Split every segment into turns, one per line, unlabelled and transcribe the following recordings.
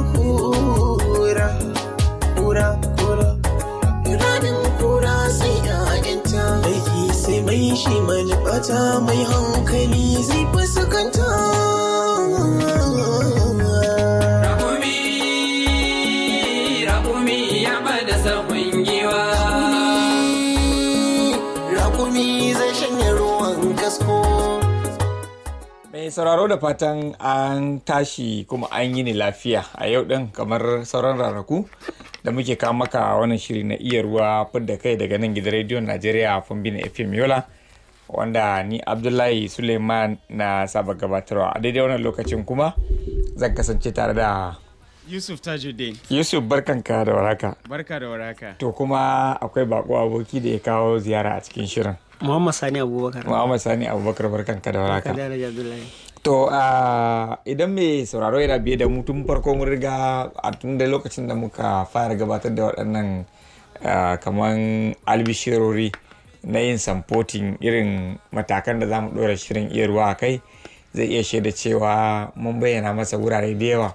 alhura kura kura iranin kura sai ya'yanta aiki sai mai shi mai bata mai hankali zai fi sakanta
sauraro da fatan an tashi kuma an yi ni lafiya a yau ɗin kamar sauran raraku da muke kawo maka wannan shiri na iya ruwa fidda kai daga nan gidan rediyon Najeriya Fombina FM Yola wanda ni Abdullahi Suleiman na saba gabatarwa a daidai wannan lokacin kuma zan kasance tare da
Yusuf Tajuddin.
Yusuf barkanka da waraka.
Barka da waraka. To
kuma akwai bako aboki da ya kawo ziyara a cikin shirin.
Muhammad Sani Abubakar. Muhammad
Sani Abubakar barkanka da waraka.
Barka da Abdullahi.
To idan mai sauraro yana biye da mu farko mun riga a tun da lokacin da muka fara gabatar da waɗannan kamar albishirori na yin samfotin irin matakan da za mu ɗora shirin iya ruwa a kai zai iya shaida cewa mun bayyana masa wurare da yawa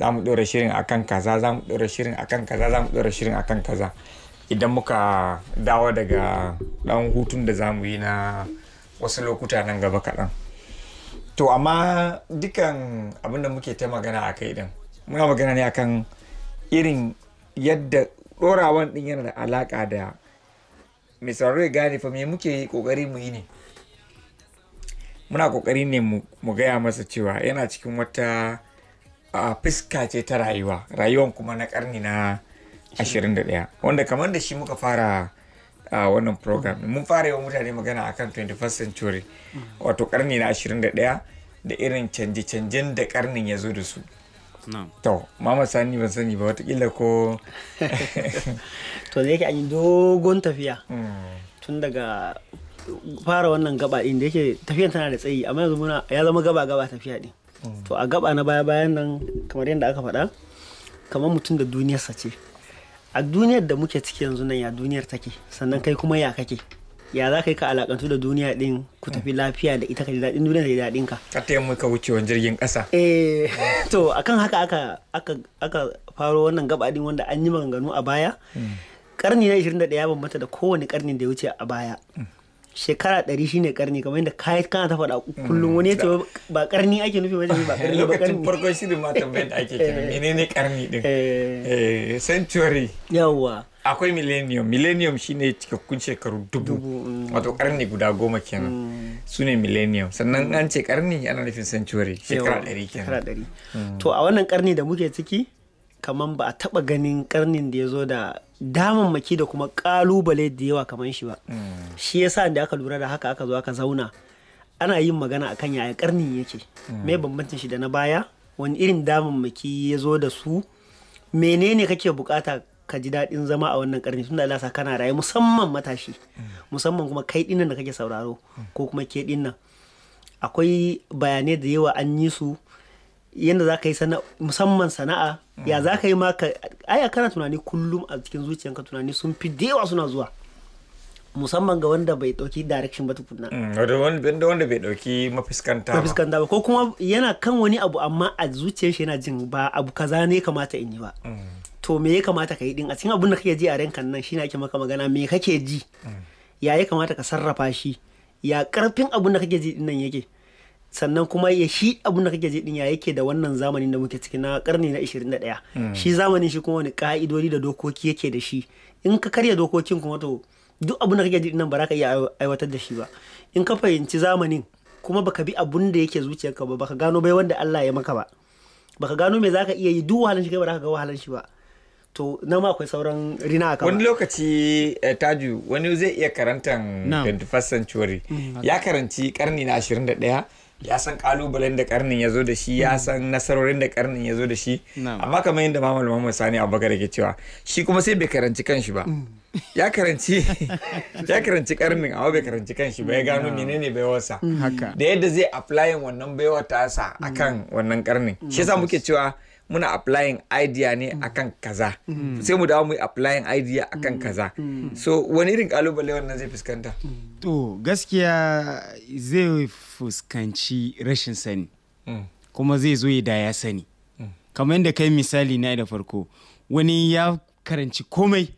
za mu ɗora shirin kan kaza za mu ɗora shirin akan kaza za mu ɗora shirin kan kaza idan muka dawo daga ɗan hutun da za mu yi na wasu lokuta nan gaba kaɗan. to amma dukkan abin da muke ta magana a kai din muna magana ne akan irin yadda ɗorawan ɗin yana da alaƙa da mai ya gane fa me muke ƙoƙari mu yi ne muna ƙoƙari ne mu gaya masa cewa yana cikin wata fuska ce ta rayuwa rayuwan kuma na karni na 21 wanda kamar da shi muka fara a ah, wannan program oh. mun fara yawan mutane magana akan 21st century wato karni na 21 da irin canje-canjen da karnin ya zo da su to mama sani ban sani ba watakila ko
to da yake an yi dogon tafiya hmm. tun daga fara wannan gaba din da yake tafiyan tana da tsayi amma yanzu muna ya zama gaba gaba tafiya din hmm. to a gaba na baya bayan nan kamar yadda aka faɗa kamar mutum da duniyarsa ce a duniyar da muke ciki yanzu nan ya duniyar take sannan kai kuma ya kake ya za ka yi ka alakantu da duniya din ku tafi lafiya da ita ka ji daɗin duniya da daɗin ka ka taya muka wucewa jirgin ƙasa eh to akan haka aka aka faro wannan gabaɗin wanda an yi maganganu a baya karni hmm. na 21 ya bambanta da kowane karni da ya wuce a baya hmm. shekara ɗari shine karni kamar yadda kayan kana ta faɗa kullum wani yace ba karni ake nufi wajen ba karni ba karni lokacin farkon ne ma tambayar
da ake kira eh. menene karni din eh. eh, century yawa akwai millennium millennium shine cikakkun shekaru dubu mm. wato karni guda goma kenan mm. su ne
millennium sannan an ce karni ana nufin century shekara ɗari kenan mm. to a wannan karni da muke ciki kamar ba a taɓa ganin karnin da ya zo da damammaki da kuma kalubale da yawa kamar shi ba mm. shi yasa da aka lura da haka aka zo aka zauna ana yin magana a akan yaya karni yake mm. me bambancin shi da na baya wani irin damammaki ya zo da su menene kake bukata ka ji daɗin zama a wannan karni tunda Allah sa kana raye musamman matashi mm. musamman kuma kai dinnan da kake sauraro ko kuma ke dinnan akwai bayanai da yawa an yi su yadda za ka yi musamman sana'a ya za ka yi ma ka aya kana tunani kullum a cikin zuciyanka tunani sun fi dewa suna zuwa musamman ga wanda bai dauki direction ba tukunna mm,
wanda wanda bai dauki mafiskanta mafiskanta
ba ko kuma yana kan wani abu amma a zuciyar shi yana jin ba abu kaza ne kamata in yi ba mm. to me ya kamata ka yi din a cikin abun da kake ji a ranka nan shine ake maka magana me kake ji mm. ya ya kamata ka sarrafa shi ya karfin abun da kake ji din nan yake sannan kuma ya shi abin da kake je din ya yake da wannan zamanin da muke ciki na karni na 21 mm. shi zamanin shi kuma wani ka'idodi da dokoki yake da shi in ka karya dokokin kuma to duk abin da kake ji nan ba za ka iya aiwatar da shi ba in ka fahimci zamanin kuma baka bi abun da yake zuciyarka ba baka gano bai wanda Allah ya maka ba baka gano me zaka iya yi duk wahalan shi kai ba za ka ga wahalan shi ba to na ma akwai sauran rina a wani
lokaci eh, taju wani zai iya karantan 21st century mm. ya karanci karni na 21 ya san kalubalen da karnin ya zo da shi ya hmm. san nasarorin da karnin ya zo da shi amma kamar yadda mamal muhammad sani abubakar ke cewa shi kuma sai bai karanci kanshi ba hmm. ya karanci ya karanci karnin amma bai karanci kanshi ba ya gano menene baiwarsa hmm. da yadda zai applyin wannan baiwar tasa akan wannan karnin shi yasa muke cewa muna applying idea ne mm. akan kaza mm. sai mu dawo mu yi applying idea akan mm. kaza so wani irin kalubale wannan zai fuskanta to gaskiya zai
fuskanci rashin sani kuma zai zo ya da ya sani kamar yadda kai misali na da farko wani ya karanci komai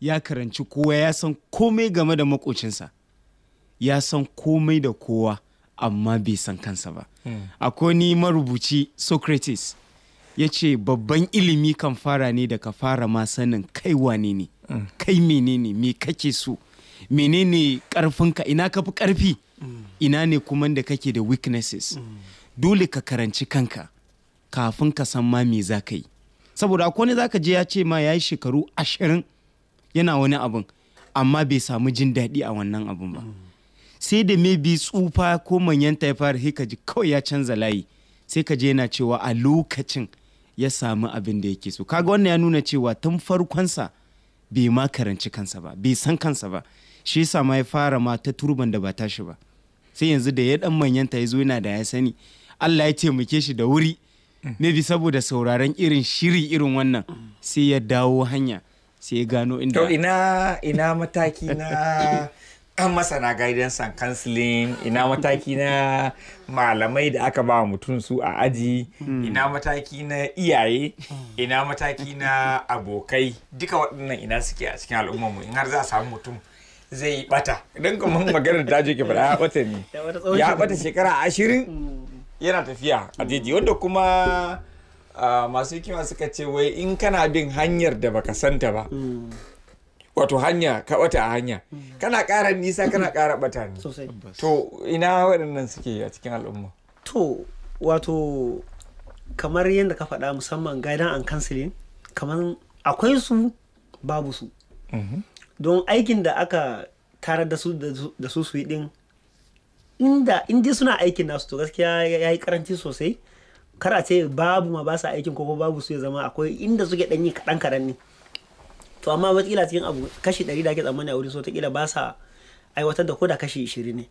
ya karanci kowa ya san komai game da makocinsa ya san komai da kowa amma bai san kansa ba akwai ni marubuci socrates ya ce babban ilimi kan fara ne da ka fara ma sanin kai wane ne mm. kai menene me kake so menene ka ina ka fi karfi mm. ina ne kuma da kake da weaknesses mm. dole ka karanci kanka kafin ka san ma me za ka yi saboda akwai wani za ka je ya ce ma ya yi shekaru ashirin yana wani abin amma bai samu jin daɗi a wannan abin ba sai da me bi tsufa ko manyanta ya fara sai ka ji kawai ya canza layi sai ka je yana cewa a lokacin ya samu abin da yake so kaga wannan ya nuna cewa tun farkonsa bai ma karanci kansa ba bai san kansa ba shi yasa ma ya fara ma ta turban da ba shi ba sai yanzu da ya dan manyanta ya zo yana da ya sani Allah ya taimake shi da wuri bi saboda sauraron irin shiri irin wannan sai ya dawo hanya sai ya gano inda
ina ina mataki na an masana guidance and counseling ina mataki na malamai da aka ba mutum su a aji hmm. ina mataki na iyaye ina mataki na abokai duka waɗannan ina suke a cikin al'ummarmu in har za a samu mutum zai yi bata idan kuma da ta ke faɗa ya bata ne ya bata shekara ashirin hmm. yana tafiya a jeji wanda kuma ah, masu hikima suka ce wai in kana bin hanyar da baka santa ba hmm. wato hanya ka a hanya mm. kana kara nisa kana kara bata ne to ina waɗannan
suke a cikin al'umma to wato kamar yadda ka faɗa musamman gaidan an kansilin kamar akwai su babu su mm-hmm. don aikin da aka tarar da su da su su din inda inda suna aikin nasu to gaskiya ya yi karanci sosai kar a ce babu ma ba su aikin ko babu su ya zama akwai inda suke ɗanyi kaɗan kaɗan ne to amma watakila cikin abu kashi ɗari da ake tsammani a wurin su watakila ba sa aiwatar da koda kashi ishirin ne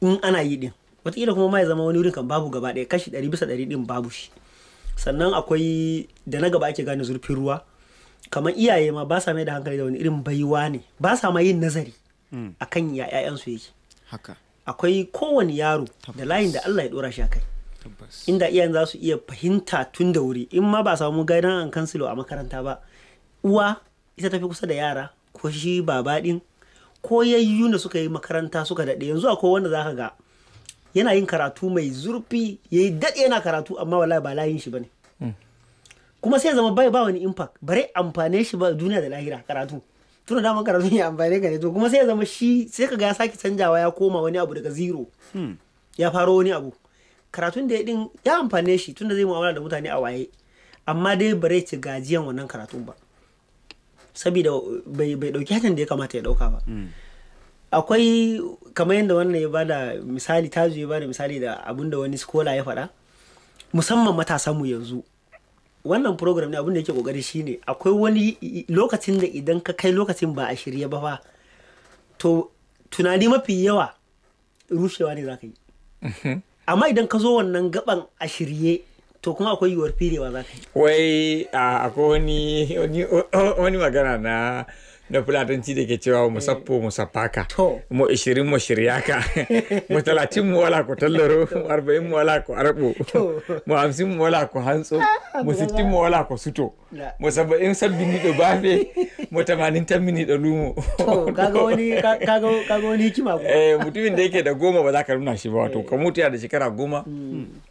in ana yi din watakila kuma ma zama wani wurin kan babu gaba ɗaya kashi ɗari bisa ɗari din babu shi sannan akwai da na gaba ake gane zurfin ruwa kamar iyaye ma ba sa mai da hankali da wani irin baiwa ne ba sa ma yin nazari hmm. akan ya 'ya'yansu yake haka akwai kowane yaro da layin da Allah ya dora shi kai inda iyayen za su iya fahimta tun da wuri in ma ba samu gaidan an kansilo a makaranta ba uwa ita tafi kusa da yara ko shi baba din ko yayyun da suka yi makaranta suka daɗe yanzu akwai wanda zaka ga yana yin karatu mai zurfi yayi daɗe yana karatu amma wallahi ba layin shi bane hmm. kuma sai zama bai ba wani impact bare amfane shi ba duniya da lahira karatu tuna daman karatu ya amfane ka ne to kuma sai ya zama shi sai ka ga ya sake canjawa ya koma wani abu daga zero hmm. ya faro wani abu karatun da ya din ya amfane shi tunda zai mu'amala da mutane a waye amma dai bare ci gajiyan wannan karatun ba saboda bai dauki hatin da ya kamata ya dauka ba mm. akwai kamar yadda wannan ya bada misali tazu ya bada misali da abin da wani skola ya faɗa musamman matasan mu yanzu wannan program ne abin da yake kokari shine akwai wani lokacin da idan ka kai lokacin ba a shirye ba fa to tunani mafi yawa rushewa ne za ka yi amma idan ka zo wannan gaban a shirye to kuma akwai yiwuwar firewa za ka
yi wai akwai wani magana na na fulatanci da ke cewa mu sappo mu sappaka mu ishirin mu shiryaka mu talatin mu wala ku tallaro mu arba'in mu wala ku arbo mu hamsin mu wala ku hantso mu sittin mu wala ku suto mu saba'in sabbin ni da bafe mu tamanin ta mini da
lumo kaga wani hikima ko
eh, mutumin e da yake da goma ba za ka nuna shi eh. mm. ba wato ka mutu da shekara goma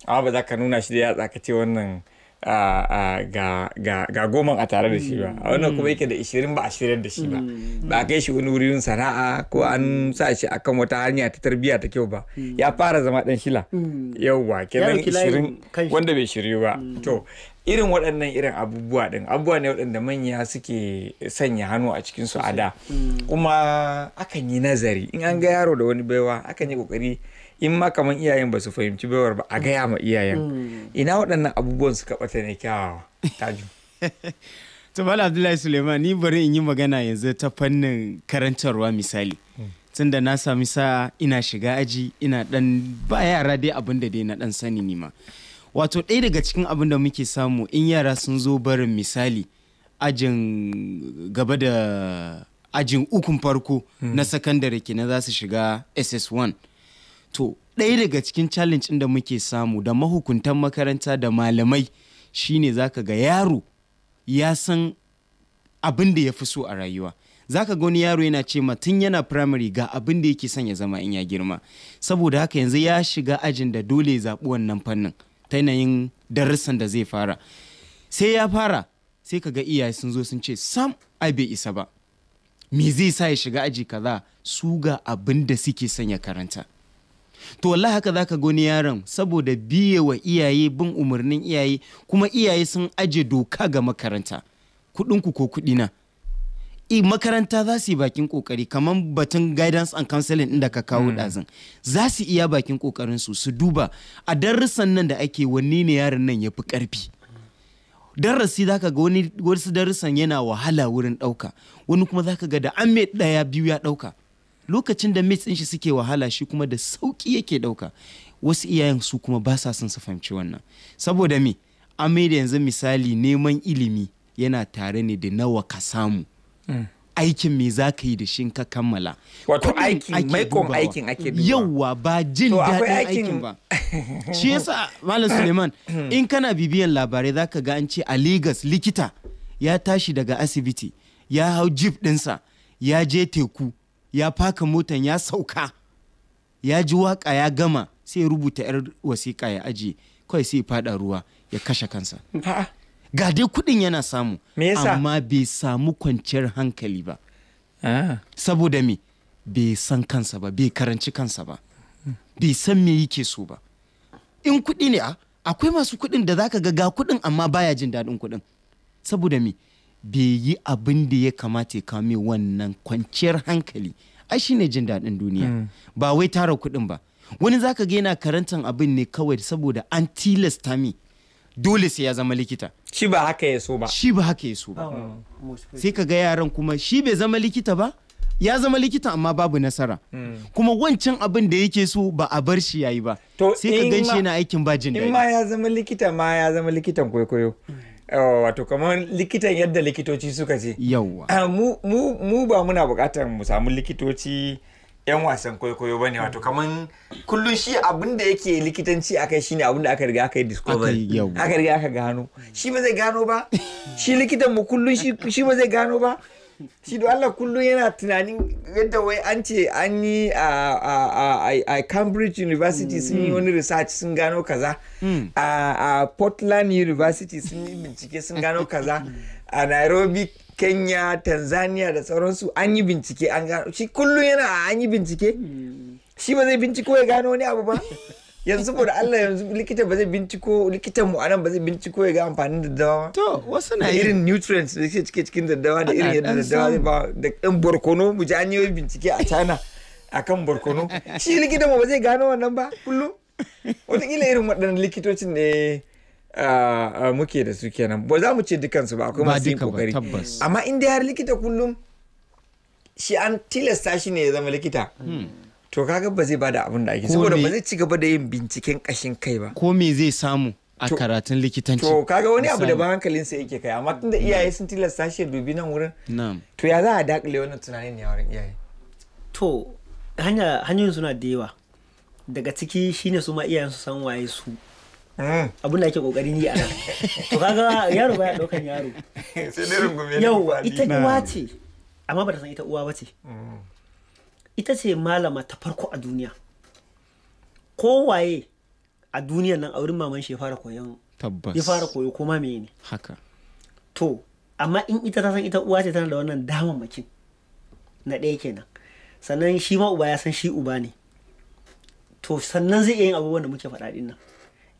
amma ba za ka nuna shi da ya ka wannan ga goma a tare da shi ba a wannan kuma mm. yake da ishirin ba a shirin da shi ba mm. ba a kai shi wani wurin sana'a ko an sa shi akan wata hanya ta tarbiyya ta kyau ba mm. ya fara zama dan shila yauwa kenan ishirin wanda bai shiryu ba to irin waɗannan irin abubuwa ɗin abubuwa ne waɗanda manya suke sanya hannu a cikinsu a da kuma akan yi nazari in an ga yaro da wani baiwa akan yi ƙoƙari in ma kaman iyayen ba su fahimci baiwar ba a mm. gaya ma iyayen mm. ina waɗannan abubuwan suka ɓata ne kyawawa taju to abdullahi suleiman ni bari
in yi magana yanzu ta fannin karantarwa misali mm. tunda na sami sa ina shiga aji ina dan ba yara dai abin da dai na dan sani ni ma wato ɗaya daga cikin abin da muke samu in yara sun zo barin misali ajin gaba da ajin ukun farko na sakandare kenan za su shiga ss1 to ɗaya daga cikin challenge da muke samu da mahukuntan makaranta da malamai shine zaka ga yaro ya san abin da ya fi so a rayuwa zaka ga wani yaro yana ce ma tun yana primary ga abin da yake son ya zama in ya girma saboda haka yanzu ya shiga ajin da dole ya zaɓi wannan fannin ta yanayin darussan da zai fara sai ya fara sai ka ga iyaye sun zo sun ce sam ai bai isa ba me zai sa ya shiga aji kaza su ga abin da suke son ya karanta to wallahi haka zaka gani yaron saboda biye wa iyaye bin umarnin iyaye kuma iyaye sun aje doka ga makaranta kuɗinku ko na i makaranta za su yi bakin kokari kamar batun guidance and counseling inda ka kawo mm. ɗazin za su iya bakin kokarin su su duba a darussan nan da ake wanne ne yaron nan ya fi ƙarfi darasi za ka ga wani wasu darussan yana wahala wurin ɗauka wani kuma za ka ga da an mai ɗaya biyu ya ɗauka lokacin da mates shi suke wahala shi kuma da sauki yake dauka wasu iyayen su kuma ba sa son su fahimci wannan saboda me amai da yanzu misali neman ilimi yana tare ne da nawa ka samu hmm. aikin me za ka yi da shi ka kammala wato aikin maikon aikin ake dubawa yawa ba jin daɗin aikin ba
shi yasa malam suleiman hmm. in
kana bibiyan labarai za ka ga an ce a lagos likita ya tashi daga asibiti ya hau jip ɗinsa ya je teku ya faka motan ya sauka ya ji waka ya gama sai ya rubuta 'yar wasiƙa ya ajiye kawai sai ya fada ruwa ya kashe kansa ga dai kuɗin yana samu amma bai samu kwanciyar hankali ba saboda me bai san kansa ba bai karanci kansa ba bai san me yake so ba in kuɗi ne a akwai masu kuɗin da zaka ga ga kuɗin amma baya jin daɗin kuɗin saboda me bai yi abin da ya kamata ya kame wannan kwanciyar hankali ai shine jin daɗin duniya hmm. ba wai tara kuɗin ba wani zaka ga yana karantar abin ne kawai saboda an tilasta mi dole sai ya zama likita shi ba haka ya so ba shi ba haka ya so ba
oh. sai
ka ga yaran kuma shi bai zama likita ba ya zama likita amma babu nasara hmm. kuma wancan abin da yake so ba a bar
shi yayi ba sai ka gan shi yana aikin bajin jin daɗi in ma ya zama likita ma ya zama likitan kwaikwayo hmm. wato kamar likitan yadda likitoci suka ce yauwa ah, mu ba muna bukatar mu samu likitoci yan wasan kwaikwayo ne wato kaman kullum shi abin da yake likitanci kai shine abin da aka riga aka yi discovery aka riga aka gano shi ba zai gano ba shi likitan mu kullum shi ba zai gano ba shi da Allah kullum
yana tunanin
yadda wai an ce an yi a Cambridge University sun yi mm. wani research sun gano kaza mm. a Portland University sun yi bincike sun gano kaza a Nairobi Kenya Tanzania da sauransu an yi bincike an gano shi kullum yana an yi bincike mm. shi ba zai binciko ya gano wani abu ba yanzu da Allah yanzu likita ba zai binciko likita mu anan ba zai binciko ya ga amfanin daddawa to wasu na irin nutrients da ke cike cikin daddawa da irin yadda daddawa zai ba da ɗan barkono mu ji an yi bincike a China akan barkono shi likita mu ba zai gano wannan ba kullum wataƙila irin waɗannan likitocin ne muke da su kenan ba za mu ce dukansu ba akwai masu yin kokari amma inda har likita kullum shi an tilasta shi ne ya zama likita hmm. to kaga ba zai ba da abin da ake saboda ba zai ci gaba da yin binciken kashin kai ba ko me zai samu a karatun likitanci to kaga wani abu da ba hankalinsa yake kai amma tunda mm. iyaye sun tilasta shi dubi nan wurin to ya za a dakile wannan tunanin ne a wurin iyaye
to hanyoyin suna da yawa daga ciki shine su ma iyayen su san waye su mm. abin da ake kokarin yi a nan to kaga yaro baya daukan yaro yau ita uwa ce amma ba ta san ita uwa ba ce mm. ita ce malama ta farko a duniya kowaye a duniya nan a wurin maman shi ya fara koyon
tabbas ya fara
koyo kuma me ne haka to amma in ita ta san ita uwa ce tana da wannan makin na ɗaya kenan sannan shi ma uba ya san shi uba ne to sannan zai iya yin abubuwan da muke faɗa nan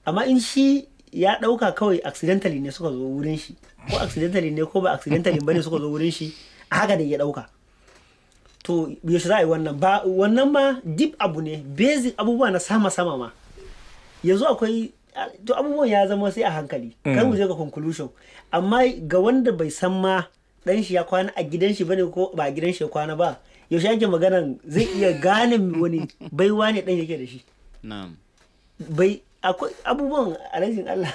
amma in shi ya ɗauka kawai accidentally ne suka zo wurin shi ko accidentally ne ko ba accidentally ba ne suka zo wurin shi a haka da ya ɗauka to yaushe za a yi wannan ba wannan ma deep abu ne basic abubuwa na sama sama ma yanzu akwai to abubuwan ya zama sai a hankali mm. kan mu je ga conclusion amma ga wanda bai san ma dan shi ya kwana a gidan shi bane ko ba gidan shi ya kwana ba yaushe yake maganan zai iya gane wani baiwa ne dan yake da shi bai akwai abubuwan a rajin Allah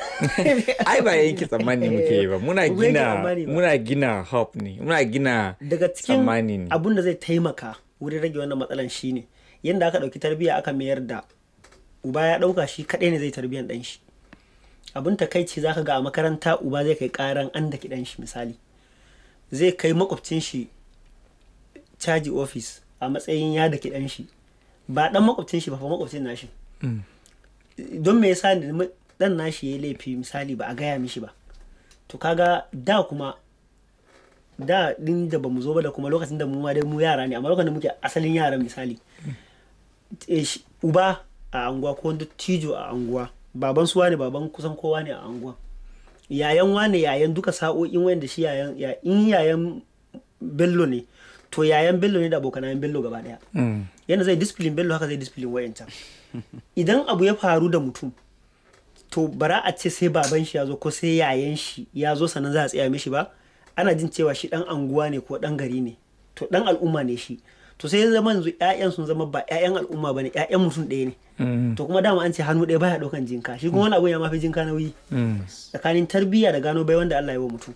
ai ba yanki tsammani
muke ba muna gina muna
gina hope ne muna gina daga cikin abun da zai taimaka wurin rage wannan matsalan shine yanda aka dauki tarbiyya aka mayar da uba ya dauka shi kadai ne zai tarbiyyar dan shi abun takaici zaka ga a makaranta uba zai kai karan an daki dan shi misali zai kai makwabcin shi caji office a matsayin ya daki dan shi ba dan makwabcin shi ba fa makwabcin nashi mm. don me yasa dan nashi ya laifi misali ba a gaya mishi ba to kaga da kuma da din da bamu zo ba da kuma lokacin da mu ma dai mu yara ne amma lokacin da muke asalin yaran misali eh, uba a anguwa ko wanda tijo a anguwa baban su ne baban kusan kowa ne a anguwa yayan wane yayan duka sa'o'in da shi yayan in yayan bello ne to yayan bello ne da abokan yayan bello gaba daya mm. yana zai discipline bello haka zai discipline wayancan idan abu ya faru da mutum to bara a ce sai baban shi ya zo ko sai yayan shi ya zo sannan za a tsaya mishi ba ana jin cewa shi dan anguwa ne ko dan gari ne to dan al'umma ne shi to sai zama yanzu ƴaƴan sun zama ba ƴaƴan al'umma bane ƴaƴan mutum ɗaya ne mm. to kuma dama an ce hannu ɗaya baya ɗaukan jinka shi kuma wani abu ya mafi jinka nauyi mm. tsakanin tarbiyya da gano bai wanda Allah ya wa mutum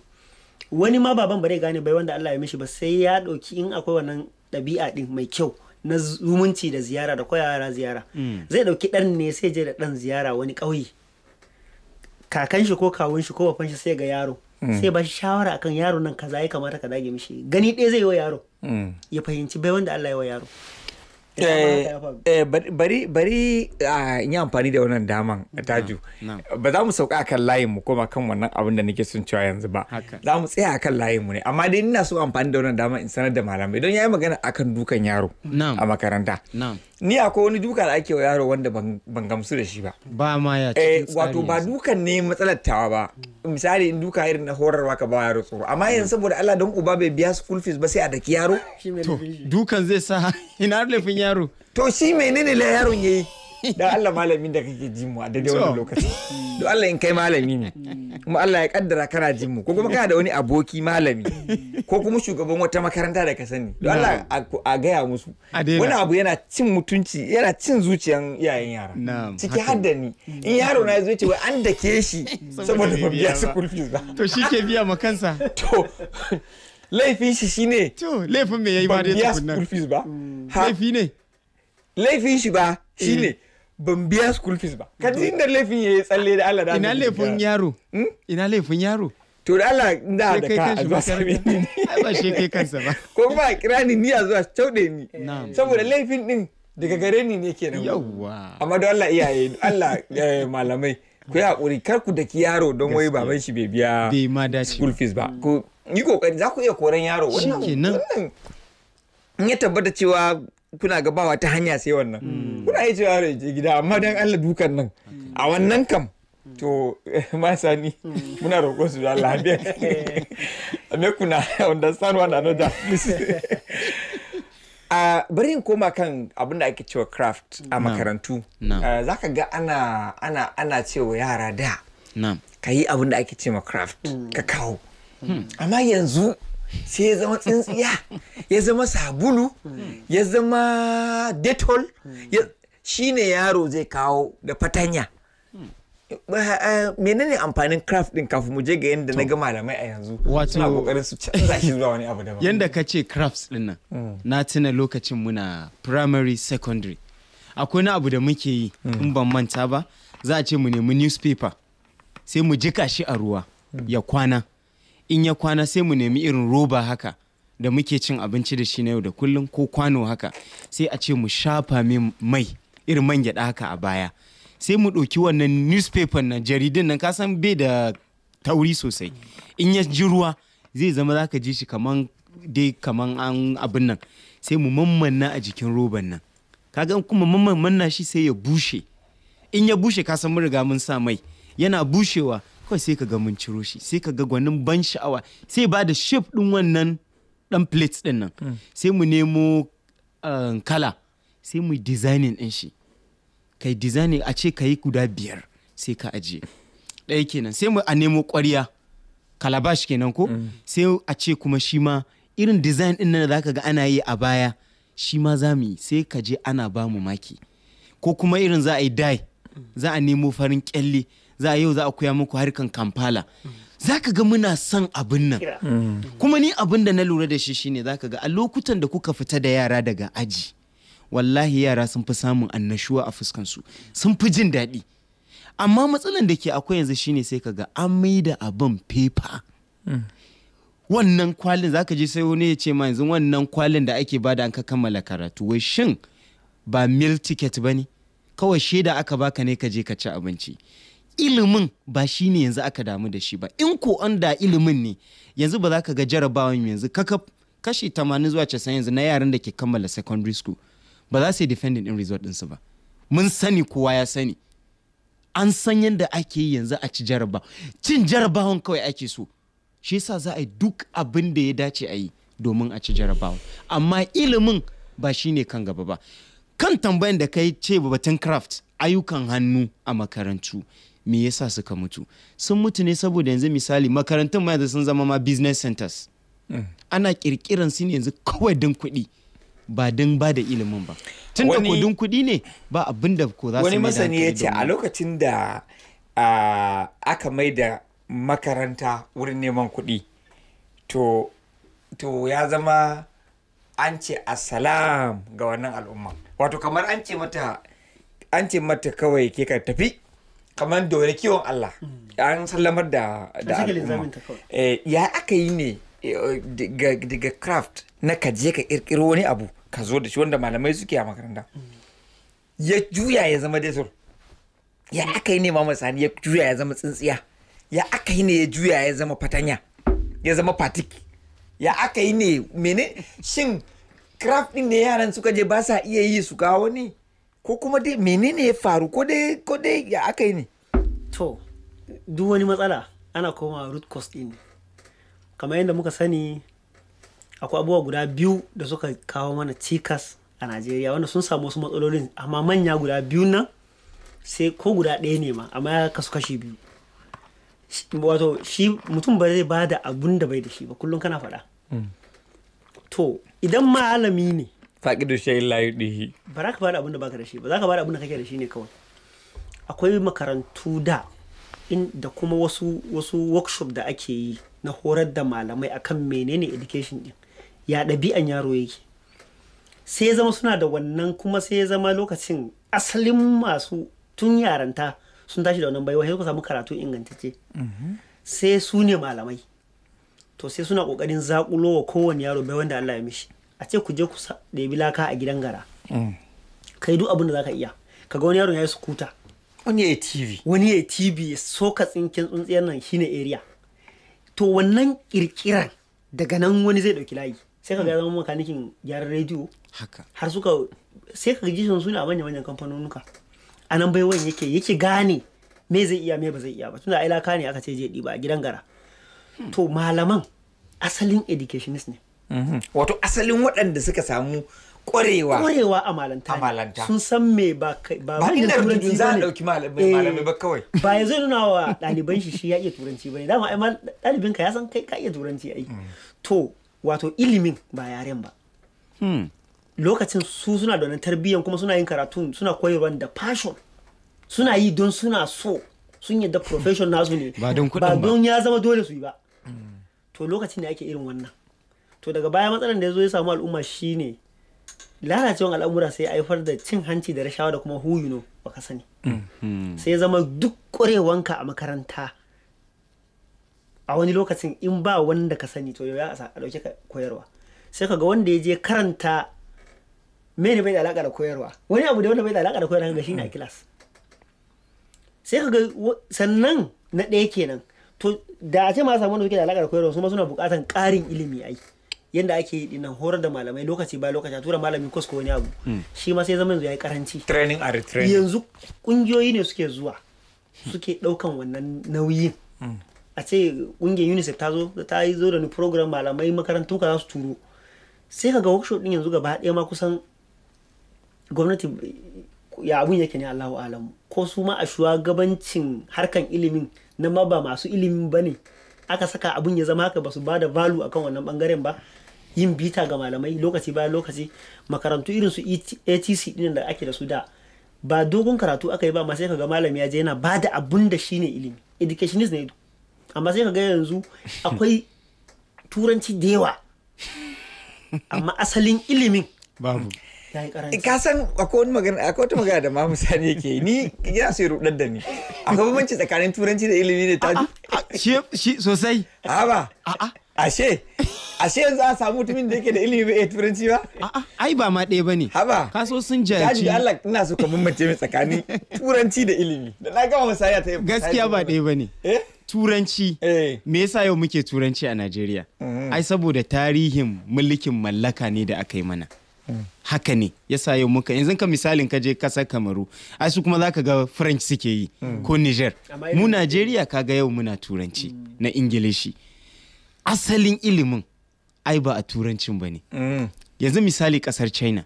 wani ma baban bare gane bai wanda Allah ya mishi ba sai ya ɗauki in akwai wannan ɗabi'a ɗin mai kyau na zumunci da ziyara da koya ziyara mm. zai dauki dan ne sai je da dan ziyara wani ƙauye kakan shi ko kawun shi ko bafan shi sai ga yaro mm. sai ba shi shawara akan yaro nan kaza ya kamata ka dage mishi gani ɗaya zai yi wa yaro mm. ya fahimci bai wanda Allah ya wa yaro Eh, eh, bari bari
in yi amfani da wannan daman a taju ba za mu sauka a kan layin mu koma kan wannan abin da nake son cewa yanzu ba za mu tsaya a kan layin mu ne amma dai ina so amfani da wannan daman in sanar da malamai don ya magana akan dukan yaro a makaranta ni akwai wani duka da ake wa yaro wanda ban gamsu da shi ba ba ma ya eh, cikin tsari wato ba dukan ne matsalar tawa ba misali in duka irin na horarwa ka ba yaro tsoro amma yanzu saboda Allah don uba bai biya school fees ba sai a daki yaro to dukan zai sa ina laifin yaro to shi menene la yaron yayi dan Allah malamin da kake jin mu a daidai wani lokaci don Allah in kai malami ne kuma Allah ya kaddara kana jin mu ko kuma kana da wani aboki malami ko kuma shugaban wata makaranta da ka sani don Allah a gaya musu wani abu yana cin mutunci yana cin zuciyan iyayen yara ciki har da ni in yaro na zo ce wai an ke shi saboda ba biya su kurfi ba to shi ke biya ma kansa to laifin shi shine to laifin me yayi ba dai tukunna ba laifi ne laifin shi ba eh. shine ban biya school fees ba ka ji inda laifin ya yi tsalle da Allah da ina laifin yaro hmm? ina laifin yaro to da Allah da da ka a zuwa same ni ba shi kai kansa ba ko ba a kira ni ni a zuwa Cauɗe ni eh. saboda laifin din daga gare ni ne kenan yawwa amma da Allah iyaye Allah eh, malamai ku yi haƙuri, kar ku daki yaro don wai baban shi bai biya
school fees ba
ku yi kokari za ku iya koran yaro wannan wannan in ya tabbata cewa kuna gabawa ta hanya sai wannan hmm. kuna iya cewa da gida amma dan Allah dukan nan a wannan kam to eh, ma Sani, hmm. muna roƙon su da Allah me eh. kuna understand one another Uh, bari in koma kan abin da ake cewa craft a makarantu ah, za ka ga ana, ana, ana cewa yara da ka yi abin ake cewa craft hmm. ka kawo amma yanzu sai ya zama tsintsiya ya zama sabulu ya zama detol shi ne yaro zai kawo da fatanya menene amfanin craft din kafin mu je ga yadda na ga malamai a yanzu suna kokarin su canza shi zuwa wani abu daban yanda
ka ce crafts din nan mm. na tuna lokacin muna primary secondary akwai na abu da muke yi mm. in ban manta ba za a ce mu nemi newspaper sai mu jika shi a ruwa mm. ya kwana in ya kwana sai mu nemi irin roba haka da muke cin abinci da shi na yau da kullum ko kwano haka sai a ce mu shafa mai irin man gyaɗa haka a baya sai mu ɗauki wannan newspaper na jaridin nan kasan bai da tauri sosai in ya ji ruwa zai zama za ka ji shi kaman dai kaman an abin nan sai mu mammanna a jikin roban nan kaga kuma mammanna shi sai ya bushe in ya bushe kasan mun riga mun sa mai yana bushewa kawai sai ka ga mun ciro shi sai ka ga gwanin ban sha'awa sai ba da shape din wannan dan plates din nan mm. sai mu nemo eh, kala sai mu designing din shi kai designing a ce kai guda biyar sai ka aje ɗaya kenan sai mu a nemo ƙwarya kalabash kenan ko mm. sai a ce kuma shi ma irin design din nan da zaka ga ana yi a baya shi ma za mu yi sai ka je ana ba mu maki ko kuma irin za a yi dai za a nemo farin kyalle za a yau za a koya muku harkan kampala za ka ga muna son abin nan mm. kuma ni abin da na lura da shi shine za ka ga a lokutan da kuka fita da yara daga aji wallahi yara sun fi samun annashuwa a fuskansu sun fi jin daɗi amma matsalan da ke akwai yanzu shine sai ka ga an da abin fefa mm. wannan kwalin za ka je sai wani ya ce ma yanzu wannan kwalin da ake bada an ka kammala karatu wai shin ba mil ticket ba ne kawai shaida aka baka ne ka je ka ci abinci ilimin ba shi ne yanzu aka damu da shi ba in ko an da ilimin ne yanzu ba za ka ga jarabawan yanzu kashi 80 zuwa 90 yanzu na yaran da ke kammala secondary school ba za su yi defending in result ɗinsu ba mun sani kowa ya sani an san yadda ake yi yanzu a ci jaraba cin jarabawan kawai ake so shi yasa za a yi duk abin da ya dace a yi domin a ci jarabawa amma ilimin ba shi ne kan gaba ba kan tambayan da kai ce batun craft ayyukan hannu a makarantu me yasa suka mutu sun mutu ne saboda yanzu misali makarantun ma yanzu sun zama ma business centers mm. ana kirkiran su ne yanzu kawai don kuɗi ba don ba da ilimin ba tun da ko don kuɗi ne ba abin da ko za su wani masani ya ce a
lokacin da aka mai da makaranta wurin neman kuɗi to to ya zama an ce assalam ga wannan al'umma wato kamar an ce mata an ce mata kawai ke ka tafi kamar da wani kiwon Allah hmm. an sallamar da al'umma eh, ya aka yi ne eh, daga craft na ka je ka kirkiro wani abu ka zo da shi wanda malamai suke a makaranta hmm. ya juya ya zama desol ya hmm. aka yi ne ma sani ya juya ya zama tsintsiya ya aka yi ne ya juya ya zama fatanya ya zama patik. ya aka yi ne mene shin craft ne yaran suka je ba sa iya yi su kawo ne ko kuma dai menene ya faru ko
dai ko dai ya aka yi ne to duk wani matsala ana koma root cause din kamar yadda muka sani akwai abubuwa guda biyu da suka kawo mana cikas a najeriya wanda sun samu wasu matsalolin amma manya guda biyu nan sai ko guda ɗaya ne ma amma ya kasu kashi biyu wato shi mutum ba zai ba da abun da bai da shi ba kullum kana faɗa mm. to idan malami ne
da shayin layu ɗihi
ba za ka bada abin da baka da shi ba za ka bada abin da kake da shi ne kawai akwai makarantu da da kuma wasu wasu workshop da ake yi na horar da malamai akan menene education din ya ɗabi'an yaro yake sai ya zama suna da wannan kuma sai zama lokacin asalin masu tun yaranta sun tashi da wannan baiwa sai suka samu karatu ingantacce mhm. sai su ne malamai to sai suna kokarin zakulo wa kowane yaro bai wanda Allah ya mishi a ce ku je ku ɗebi laka a gidan gara mm. kai duk abin da ka iya Ka ga wani yaron ya yi sukuta wani ya yi tv wani ya yi tv so ka tsinkin tsuntsiyar nan shine area to wannan kirkiran daga nan wani zai ɗauki layi sai ka ga zama makanikin gyaran rediyo har suka sai ka ji sun a manyan manyan kamfanonuka a nan baiwan yake yake gane me zai iya me ba zai iya ba tunda ai laka ne aka ce je ɗiba a gidan gara hmm. to malaman asalin educationist ne wato asalin waɗanda suka samu ƙwarewa ƙwarewa a malanta sun san me ba kai ba ba ina rubutun za a ɗauki
malamai eh, ba kawai ba ya zai nuna wa ɗaliban shi
shi ya iya turanci ba ne dama ai ɗalibin ka ya san kai ka iya turanci ai hmm. to wato ilimin ba yaren ba hmm. lokacin su suna da wannan tarbiyyan kuma suna yin karatun suna koyarwa da passion suna yi don suna so sun yadda profession nasu ne ba don ya zama dole su yi ba hmm. to lokacin da ake irin wannan to daga baya matsalar da ya zo ya samu al'umma shine lalacewan al'amura sai ya haifar da cin hanci da rashawa da kuma huyuno baka sani mm-hmm. sai ya zama duk ƙwarewanka a makaranta a wani lokacin in ba wanda ka sani to ya a ɗauke ka koyarwa sai ka ga wanda ya je karanta mene bai da alaƙa da koyarwa wani abu da wanda bai da alaƙa da koyarwa ga shi ne a kilas mm-hmm. sai ka ga sannan na ɗaya kenan to da a ce ma samu wanda suke da alaƙa da koyarwa su ma suna buƙatan ƙarin ilimi ai yanda ake yi dinnan horar da malamai lokaci ba lokaci a tura malami kwas ko wani abu hmm. shi ma sai zama yanzu ya yi karanci training
are training yanzu
kungiyoyi ne suke zuwa suke daukan wannan nauyin hmm. a ce kungiyar UNICEF ta zo ta yi zo da ni program malamai makarantu ka za su turo sai kaga workshop din yanzu gaba ɗaya ma kusan gwamnati ya abun yake ne Allahu alam ko su ma a shugabancin harkan ilimin na ma ba masu ilimin ba ne aka saka abun ya zama haka ba su ba da value akan wannan bangaren ba yin bita ga malamai lokaci bayan lokaci makarantu irin su e atc din da ake da su da ba dogon karatu aka yi ba amma sai ga malami ya je yana ba da abun da shi ne ilimi educationist ne amma sai ga yanzu akwai turanci da yawa amma asalin
ilimin babu ka san akwai wata magana da mamu sani yake ni ya su rudar da ni akwai bambanci tsakanin turanci da ilimi ne ta shi sosai a ba ashe ashe yanzu a samu mutumin da yake da ilimi bai turanci ba ai ba ma ɗaya bane haba kaso sun jaji ya Allah ina so ka mummace mai tsakanin turanci da ilimi da na gama misali ta yi gaskiya ba ɗaya bane
eh? turanci eh. me yasa yau muke turanci a Najeriya mm-hmm. ai saboda tarihin mulkin mallaka ne da aka yi mana mm. haka ne yasa yau muka yanzu ka misalin ka je kasar kamaru ai su kuma za ka ga french suke yi mm. ko niger mu najeriya kaga yau muna turanci mm. na ingilishi asalin ilimin ai ba a turancin ba ne mm. yanzu misali kasar china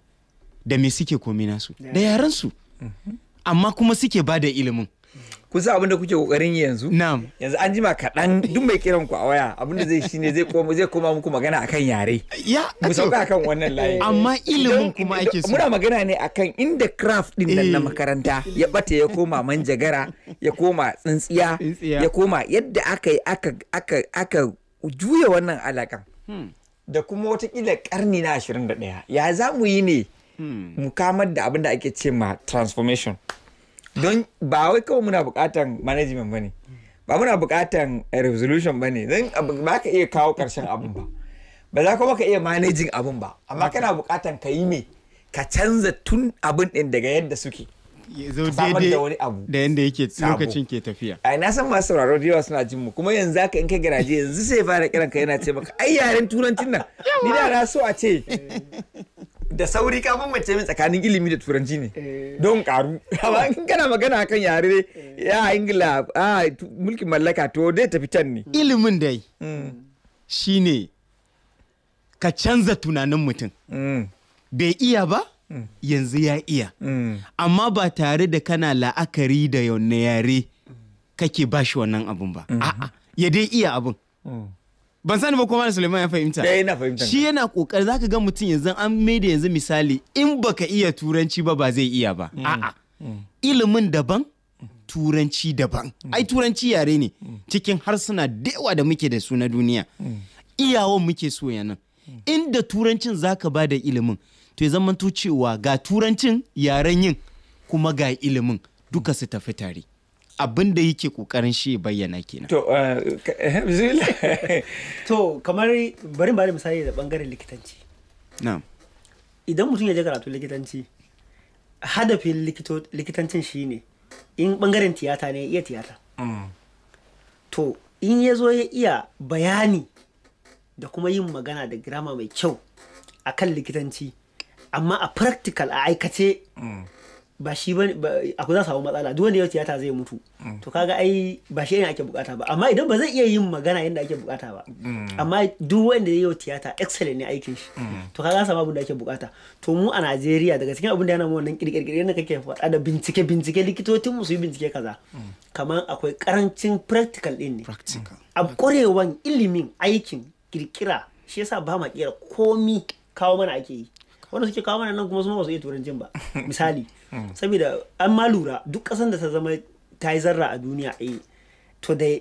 da me suke komi nasu da yaran su mm-hmm. amma kuma suke
ba da ilimin mm. kusa abin da kuke kokarin yanzu na'am yanzu an jima kaɗan duk mai kiran ku a waya abin da zai shi ne zai koma muku magana akan yare ya mu sauka akan wannan layi amma ilimin kuma ake so muna magana ne akan inda craft din nan na eh. makaranta ya bata ya koma manjagara ya koma tsintsiya ya koma yadda aka aka aka aka juya wannan alakan hmm. da kuma watakila karni na 21 ya za mu yi ne hmm. mu kamar da abin da ake ce ma transformation don ba wai kawai muna buƙatan management ba ne ba muna buƙatan eh, resolution ba ne don ba ka iya kawo ƙarshen abin ba ba za kuma ka iya managing abin ba amma kana buƙatan ka yi me ka canza tun abin ɗin daga yadda suke zo daidai
da yanda yake lokacin ke tafiya
ai na san masu sauraro da yawa suna jin mu kuma yanzu haka in kai garaje yanzu sai fara kiran ka yana ce maka ai yaren turancin nan ni da na so a ce da sauri ka mace min tsakanin ilimi da turanci ne eh. don karu amma in kana magana kan yare ne eh. ya ingila a mulkin mallaka to dai tafi can ne hmm. ilimin dai hmm. shine
ka canza tunanin mutum hmm. bai iya ba yanzu ya iya amma ba tare da kana la'akari da yawanne yare kake ba shi wannan abun ba mm-hmm. a'a ya dai iya abun mm. ban sani ba kuma Suleiman ya fahimta ya eh, na fahimta shi yana kokari zaka ga mutum yanzu an maida yanzu misali in baka iya turanci ba ba zai iya ba mm. a'a mm. ilimin daban turanci daban ai turanci yare ne cikin harsuna da yawa da muke da su na duniya iyawan muke so nan. inda turancin zaka ba da ilimin to ya zamanto cewa ga turancin yaren yin kuma ga ilimin duka su tafi tare abin da yake kokarin shi bayyana kenan
to uh, to kamar bari bari misali da bangaren likitanci na'am idan mutum ya je karatu likitanci hadafin likitancin shine in bangaren tiyata ne iya tiyata mm. to in ya zo ya iya bayani da kuma yin magana da girama mai kyau akan likitanci amma a practical a aikace ba shi ba ku za samu matsala duk wanda ya tiyata zai mutu to kaga ai ba shi yana ake bukata ba amma idan ba zai iya yin magana yadda ake bukata ba amma duk wanda ya yi tiyata excellent ne aikin shi to kaga samu abin da ake bukata to mu a Najeriya daga cikin abin da yana mu wannan kirkirkirkir da kake faɗa da bincike bincike likitocin mu su yi bincike kaza kamar akwai karancin practical din ne a korewan ilimin aikin kirkira shi yasa ba ma kira komi kawo mana ake yi wanda suke kawo mana nan kuma suma ba su iya turanci ba misali hmm. saboda an ma lura duk ƙasan da ta zama ta yi zarra a duniya eh to da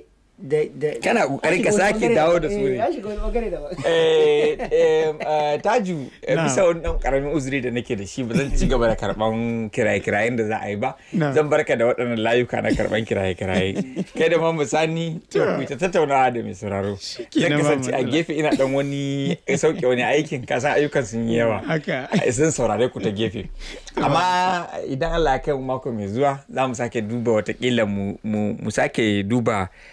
kana kokarin ka sake dawo da su ne eh, eh, eh, taju bisa wani
ɗan karamin uzuri da nake da shi ba zan ci gaba da karban kiraye-kirayen da za a yi ba zan barka da waɗannan layuka na karban kiraye-kiraye kai da mamu sani to ku ta tattaunawa da mai sauraro zan kasance a gefe ina dan wani sauke wani aikin kasan ayyukan sun yi yawa sun saurare ku ta gefe amma idan Allah ya kai mako mai zuwa za mu sake duba watakila mu sake duba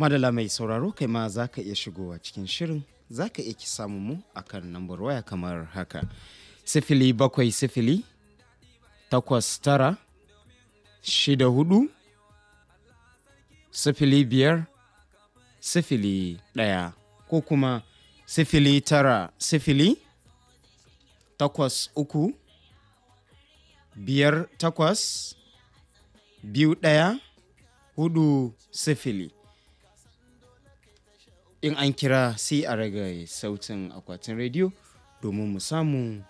Madala mai sauraro kai ma za ka iya shigowa cikin shirin za ka iya ki samu mu a kan nambar waya kamar haka. Sifili bakwai sifili takwas tara shida hudu sifili biyar sifili ɗaya ko kuma sifili tara sifili takwas uku biyar takwas biyu ɗaya hudu sifili. in an kira sai a raga sautin akwatin rediyo domin mu samu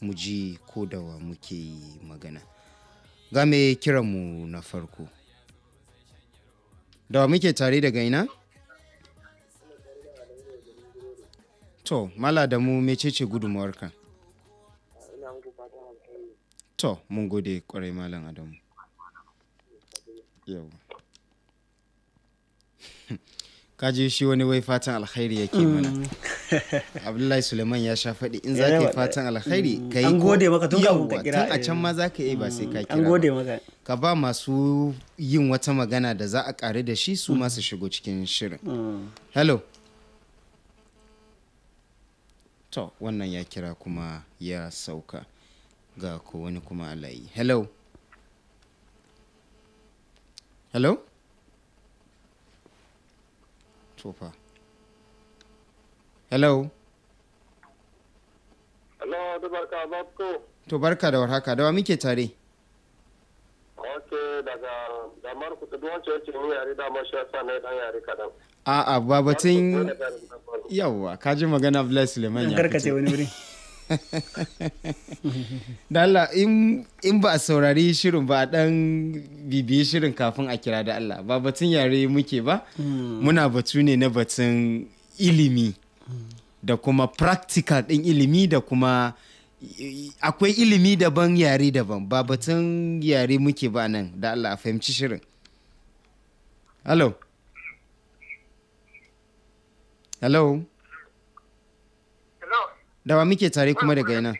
mu ji ko dawa muke yi magana ga kira kiranmu na farko dawa muke tare da gaina to mala da mu mecece gudunmawarka to mun gode kwarai malam adamu kaji shi wani wai fatan alkhairi yake mana mm. abdullahi suleiman ya sha faɗi in za ka yi fatan eh, alkhairi mm, ka yi an gode maka tun ka kira tun a eh. can ma za ka yi ba sai ka mm, kira an gode maka ka ba masu yin wata magana da za a ƙari da shi su masu shigo cikin shirin hello to wannan ya kira kuma ya sauka ga ko wani kuma alayi hello hello tofa hello
hello da barka babko
to barka da warhaka da wa muke tare
ok daga damar kudu wacce wacce ni yare damar shi yasa na dan yare kadan
a'a babatun yawwa kaji magana bless liman ya karkace wani wuri da Allah in ba a saurari shirin ba a dan bibiyi shirin kafin a kira da Allah ba batun yare muke ba hmm. muna batu ne na batun ilimi da kuma practical din ilimi da kuma akwai ilimi daban yare daban ba batun yare muke ba nan da Allah a fahimci shirin hello hello da wa muke tare kuma daga yana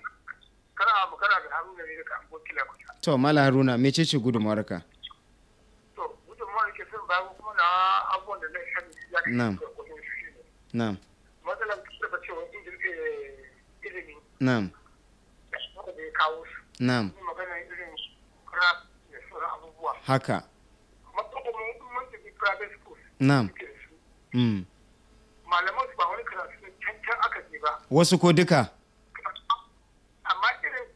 to mala haruna mece ce gudunmawar ka
to gudunmawar ke sun mu kuma na abubuwan da na shan ya ke na'am na'am matsalar da ba cewa eh, ilimi na'am na na'am magana irin craft da sauran abubuwa
haka matsalar mun tafi private school na'am mm. malaman su wasu ko duka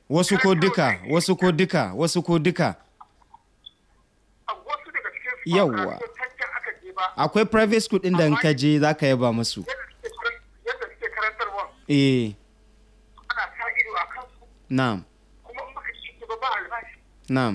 wasu ko duka wasu ko duka wasu ko duka yawwa akwai private school din da ka je za ka yaba musu yadda eh
ana sa ido na'am kuma ba ba na'am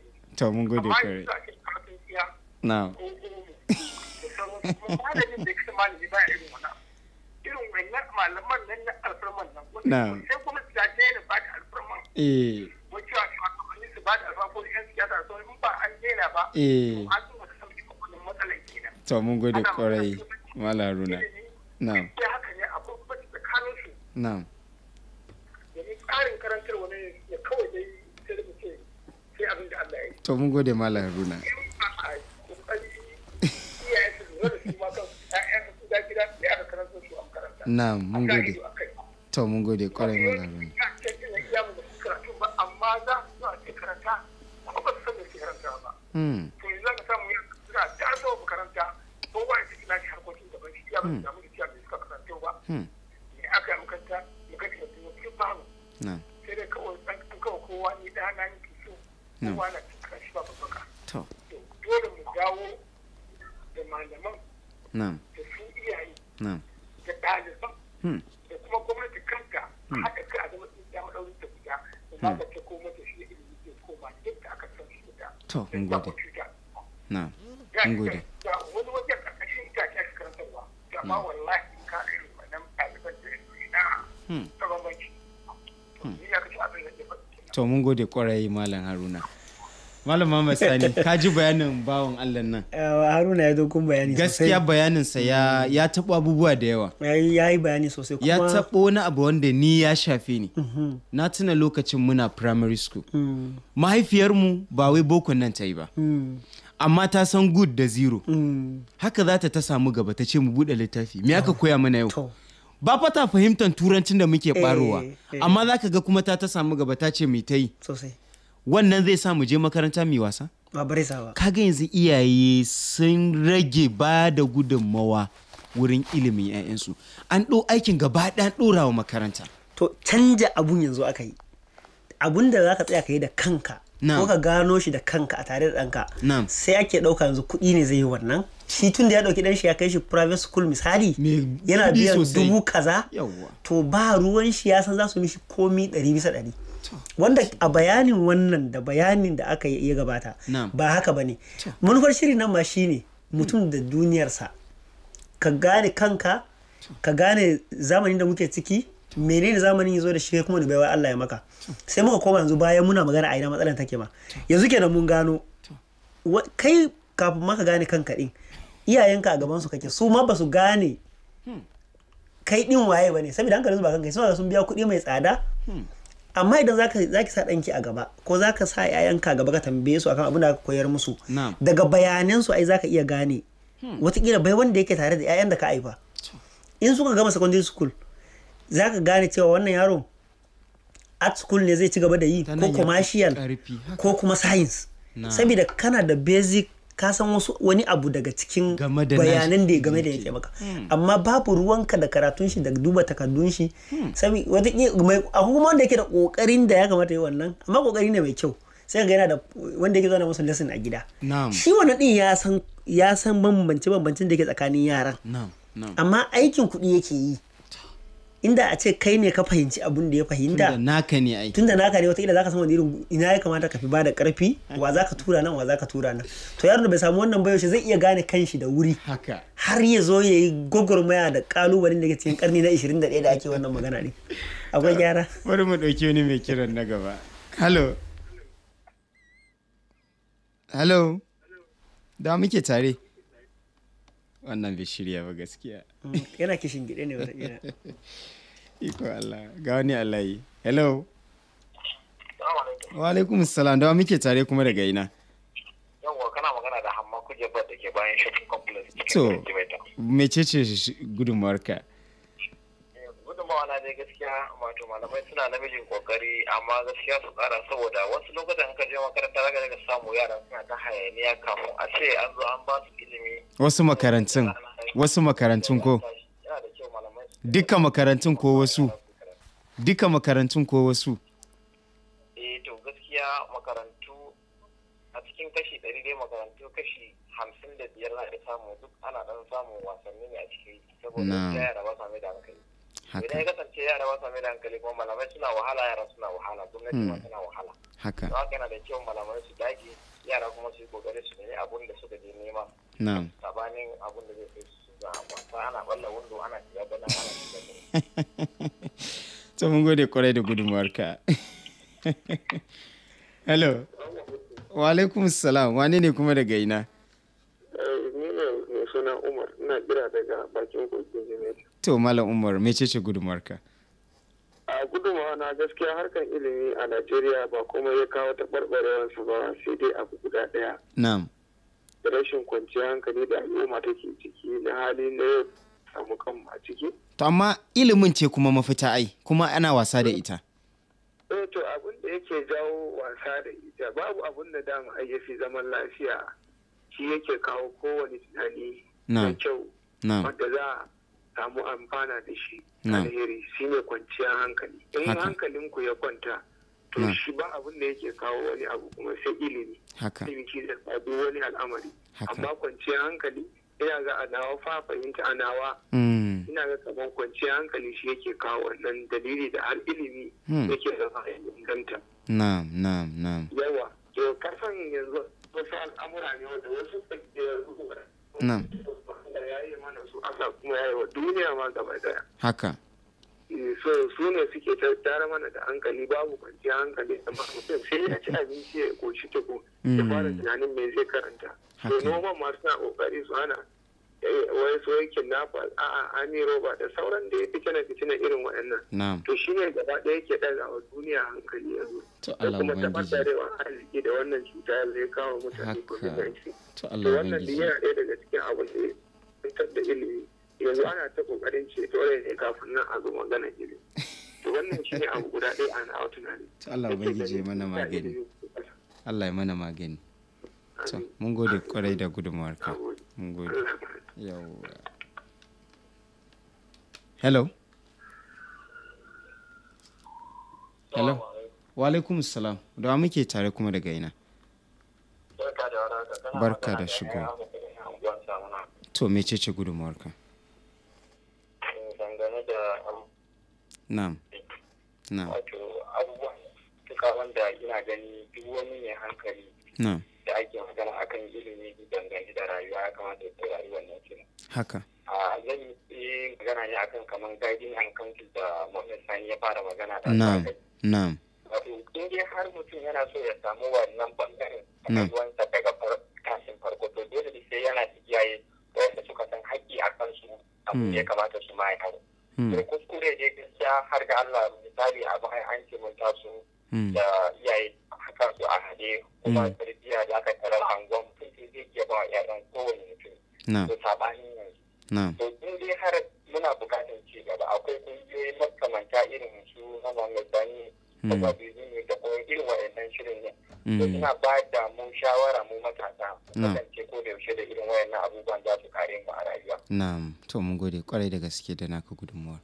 to mun gode kare eh, eh.
na na eh. su ba
ta mun gode kwarai malaruna na ne
a tsakaninsu
to mun gode malam haruna
na mun gode
to mun gode kwarai malam haruna
amma za su karanta ba su san da karanta
gode kwarai malam haruna malam Muhammad Sani ka ji bayanin bawan Allah
nan Haruna ya dokun bayani sosai gaskiya bayaninsa ya
hmm. ya abubuwa da yawa
ya yi bayani sosai kuma ya tabo
wani abu wanda ni ya shafe ni mhm. na tuna lokacin muna primary school hmm. Mahaifiyarmu ba wai boko nan ta yi ba hmm. amma ta san good da zero haka za ta ta samu gaba ta ce mu buɗe littafi me aka koya mana yau ba fa ta fahimtar turancin da muke eh, ɓarowa eh. amma za ka ga kuma ta ta samu gaba ta ce mai ta yi wannan zai sa mu je makaranta mai wasa ba ga kaga yanzu iyaye sun rage ba da gudunmawa wurin ilimin 'ya'yansu
an ɗo aikin gaba ɗan ɗora wa makaranta to canja abun yanzu aka yi abun da za ka tsaya ka yi da kanka ko ka gano shi da kanka a tare da ɗanka sai ake ɗauka yanzu kuɗi ne zai yi wannan shi tun da ya ɗauki ɗan shi ya kai shi private school misali yana biyan dubu kaza to ba ruwan shi ya san za su mishi komi ɗari bisa ɗari wanda a bayanin wannan da bayanin da aka iya gabata ba haka bane ne manufar shirin nan ma shine mutum da duniyarsa ka gane kanka ka gane zamanin da muke ciki menene zamanin ya zo da shi kuma da baiwa Allah ya maka sai muka koma yanzu bayan muna magana a ina matsalar take ma yanzu kenan mun gano kai kafin maka gane kanka din iyayenka a gaban su kake su ma ba su gane kai din waye bane saboda hankalin su ba kanka suna sun biya kuɗi mai tsada amma idan zaka zaki sa danki a gaba ko zaka sa yayanka a gaba ka tambaye su akan abin da koyar musu daga bayanan su ai zaka iya gane wataƙila bai wanda yake tare da yayan da ka haifa in suka gama secondary school za ka gane cewa wannan yaro art school ne zai ci gaba da yi ko commercial ko kuma science saboda kana da basic ka san wasu wani abu daga cikin bayanan da ya game da yake maka hmm. amma babu ruwanka da karatun shi da duba takardun shi hmm. sabi mai kuma wanda yake da kokarin da ya kamata yi wannan amma kokari ne mai kyau sai ga yana da wanda yake zauna musu lesson a gida shi wannan din ya san bambance bambancin da yake tsakanin yaran amma aikin kuɗi yake yi inda a ce kai ne ka fahimci abun da ya fahimta tunda naka ne ai tunda naka ne wataƙila zaka san wani irin ina ya kamata ka fi ba da ƙarfi wa za ka tura nan wa za ka tura nan to yaron da bai samu wannan bayo zai iya gane kanshi da wuri haka har ya zo ya yi gwagwarmaya da ƙalubalen da ke cikin ƙarni na 21 da ake wannan magana ne akwai gyara
bari mu ɗauki wani mai kiran na gaba
hello hello da
muke tare wannan bai shirya ba gaskiya
mm, yana kishin gida ne wata gina iko Allah
ga wani Allah yi hello wa alaikum salam da muke tare kuma daga ina
yawwa kana magana da hamma kujebar da ke bayan shopping complex cikin
mecece gudunmuwarka
dai gaskiya wato malamai suna namijin kokari amma gaskiya su kara saboda wasu lokutan ka je makaranta zaka daga samu yara suna ta hayaniya kafin a ce an zo an ba su ilimi
wasu makarantun wasu makarantun ko dukkan makarantun ko wasu dukkan makarantun ko wasu
eh to gaskiya makarantu a cikin kashi 100 dai makarantu kashi hamsin da biyar za a samu duk ana ɗan samun wasanni ne a ciki saboda yara ba sa da hankali idan ya kasance yara ba sami da hankali kuma malamai suna wahala yara suna wahala gwamnati ma hmm. tana wahala haka to haka yana da kyau malamai su dage yara kuma su yi kokari su nemi abun da suka je nema na'am sabanin abun da zai kai su za wasa ana balla wando ana shiga bana ana shiga
to mun gode kwarai da gudunmuwarka hello wa alaikum salam wani ne kuma daga ina
eh, ni ne suna umar ina kira daga bakin kogin jimeta
to malam umar mecece gudumarka?
a gudunmawa na gaskiya harkar ilimi a najeriya ba kuma ya kawo taɓarɓarewarsa ba sai dai abu guda ɗaya na'am da rashin kwanciyar hankali da al'umma take ciki na hali na yau samu kan a ciki
to amma ilimin ce kuma mafita ai kuma ana wasa da ita
eh to abin da yake jawo wasa da ita babu abin da dama ai yafi zaman lafiya shi yake kawo kowane tunani na kyau wanda za a samu amfana da shi alheri shi ne kwanciyar hankali in hankalinku ya kwanta to shi ba abin da yake kawo wani abu kuma sai ilimi ilimi da tsado wani al'amari amma kwanciyar hankali ina ga anawa fa fahimta anawa hmm. ina ga kaman kwanciyar hankali shi yake kawo wannan dalili da har ilimi hmm. yake da inganta
na'am na'am na'am
yawa to kasan yanzu wasu al'amura ne wanda wasu yanzu na'am Allah ya yi mana duniya ma gaba haka eh, so su ne suke tattara mana da hankali babu kwanciyar hankali amma mutum sai ya ci abinci ya koci tuku
ya
hmm. fara
tunanin me zai karanta So noman masu na kokari su hana eh, wai so yake a ani roba da sauran da ya fitina fitina irin waɗannan to shi ne gaba ɗaya yake ɗaga wa duniya hankali
da kuma
arziki da ya kawo
mutane to wannan daga
cikin abin fitar da ilimi yanzu ana ta kokarin ce rai ne kafin nan a zo magana ilimi to wannan shi ne abu guda ɗaya ana a tunani
Allah ubangiji mana magani Allah ya mana magani to mun gode kwarai da gudunmawar ka mun gode yawa hello hello wa alaikum salam da muke tare kuma daga ina
barka da shigo
to mecece gudunmawarka
dangane da um,
na'am na'am wato
abubuwan duka wanda ina gani duk wani ne hankali na'am da ake magana akan ilimi dangane da rayuwa ya kamata ya rayuwar wannan haka a zan yi magana ne akan kamar guiding and da Muhammad Sani ya fara magana da na'am na'am wato in dai har mutum yana so ya samu wannan bangaren a Hmm. ya kamata su ma ya hmm. kuskure ne gaskiya har ga Allah misali a bayan an ce mun taso
hmm. da gode kwarai da gaske da naka gudunmuwar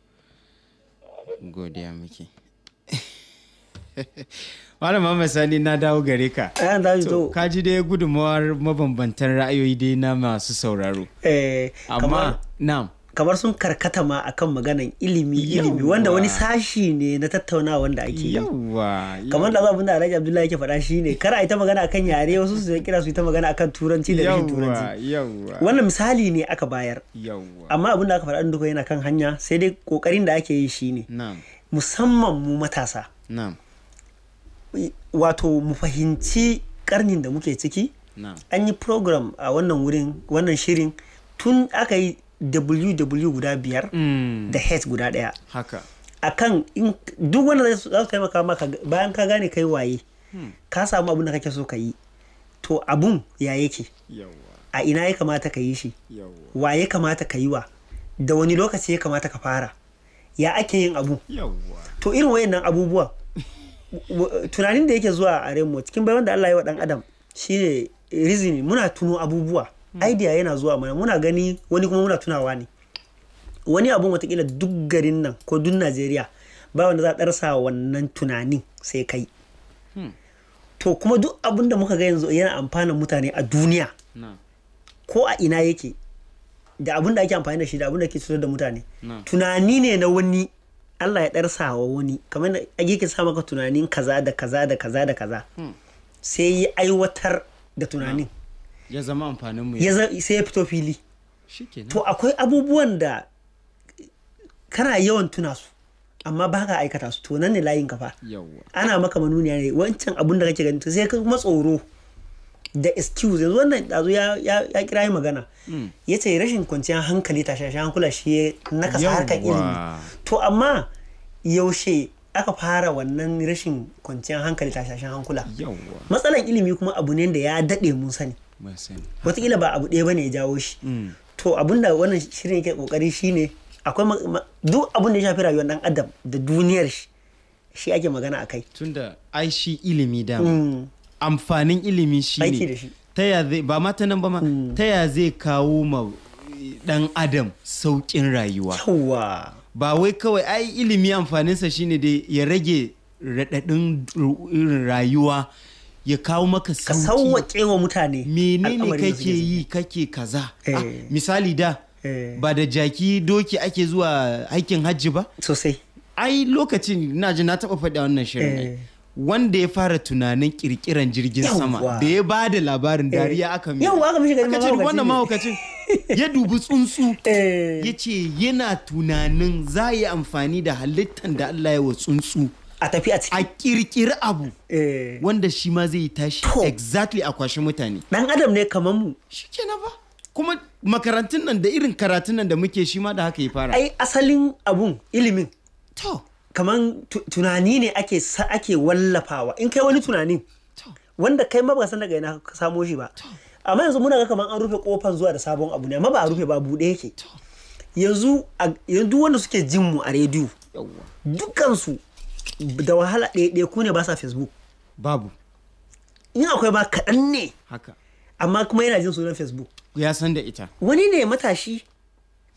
godiya muke Malam Muhammad Sani na dawo gare ka. Eh, ka ji dai gudunmuwar mabambantan ra'ayoyi dai
na masu sauraro. Eh, Amma, na'am. kamar sun karkata ma akan maganan ilimi ilimi wanda wani sashi ne na tattauna wanda ake yi kamar da abin da Alhaji Abdullahi yake faɗa shine kar a yi ta magana akan yare wasu su kira su yi ta magana kan turanci da rashin turanci wannan misali ne aka bayar amma abin da aka faɗa duka yana kan hanya sai dai kokarin da ake yi shi ne musamman mu matasa wato mu fahimci karnin da muke ciki an yi program a wannan wurin wannan shirin tun aka yi ww guda biyar mm. da h guda daya haka akan duk wanda za su taimaka maka bayan ka gane kai waye hmm. ka samu abin da kake so ka yi to abun ya yake a ina ya kamata ka yi shi wa kamata ka yi wa da wani lokaci ya kamata ka fara ya ake yin abu to irin wayannan abubuwa tunanin da yake zuwa a remo cikin bayan da Allah ya wa dan adam shine rizini muna tuno abubuwa Hmm. idea yana zuwa mana muna gani wani kuma muna tunawa ne wani abun watakila duk garin nan ko duk najeriya ba wanda za a ɗarsa wannan tunanin sai kai hmm. to kuma duk abun da muka ga yanzu yana amfana mutane a duniya ko a ina yake da abun da ake amfani da shi da abun da ke cutar da mutane tunani ne na wani Allah ya ɗarsa wa wani kamar da ake sa maka tunanin kaza da kaza da kaza da kaza hmm. sai yi aiwatar da tunanin
ya zama amfanin mu sai
ya fito fili to akwai abubuwan da kana yawan tuna su amma ba ka aikata su to nan ne layin kafa ana maka manuniya ne wancan abun da kake gani to sai ka kuma tsoro da excuse yanzu wannan dazu ya kira yi magana mm. ya ce rashin kwanciyar hankali ta shashen hankula shi na nakasa harkar ilimi to amma yaushe aka fara wannan rashin kwanciyar hankali ta hankula matsalan ilimi kuma abu ne da ya dade mun sani wataƙila ba abu ɗaya ba ne ya jawo shi mm. to abinda wannan shirin yake ƙoƙari shine akwai duk abin da ya shafi rayuwar ɗan adam da duniyar shi shi ake magana a kai. tunda ai shi ilimi dama mm. amfanin ilimi shine ta ya zai ba ma ta nan ba ma mm. ta
ya zai kawo ma dan adam saukin rayuwa yawa ba wai kawai ai ilimi amfaninsa shine dai ya rage raɗaɗin rayuwa ya kawo maka sauki ka sauwaƙe wa mutane menene kake yi kake kaza ah, eh. misali da eh. ba da jaki doki ake zuwa aikin hajji ba sosai ai lokacin na ji na taɓa faɗi wannan shirin eh. wanda ya fara tunanin kirkiran jirgin sama da ya ba da labarin dariya aka mi yau aka mishi aka ce wannan mahaukacin ya dubi tsuntsu ya ce yana tunanin za a yi amfani da halittar da Allah ya wa tsuntsu a tafi a ciki a kirkiri abu eh. wanda shi ma zai tashi exactly a kwashi mutane dan adam ne kamar mu na ba
kuma makarantun nan da irin karatun nan da muke shi ma da haka ya fara ai asalin abun ilimin to kaman tunani ne ake ake wallafawa in kai wani tunani wanda kai ma baka san daga ina ka samo shi ba amma yanzu muna ga kaman an rufe kofan zuwa da sabon abu ne amma ba a rufe ba bude yake yanzu yanzu wanda suke jin mu a rediyo dukansu da wahala ɗaya ku ne ba sa facebook babu in akwai ba kaɗan ne haka amma kuma yana jin sunan facebook ya san da ita wani ne matashi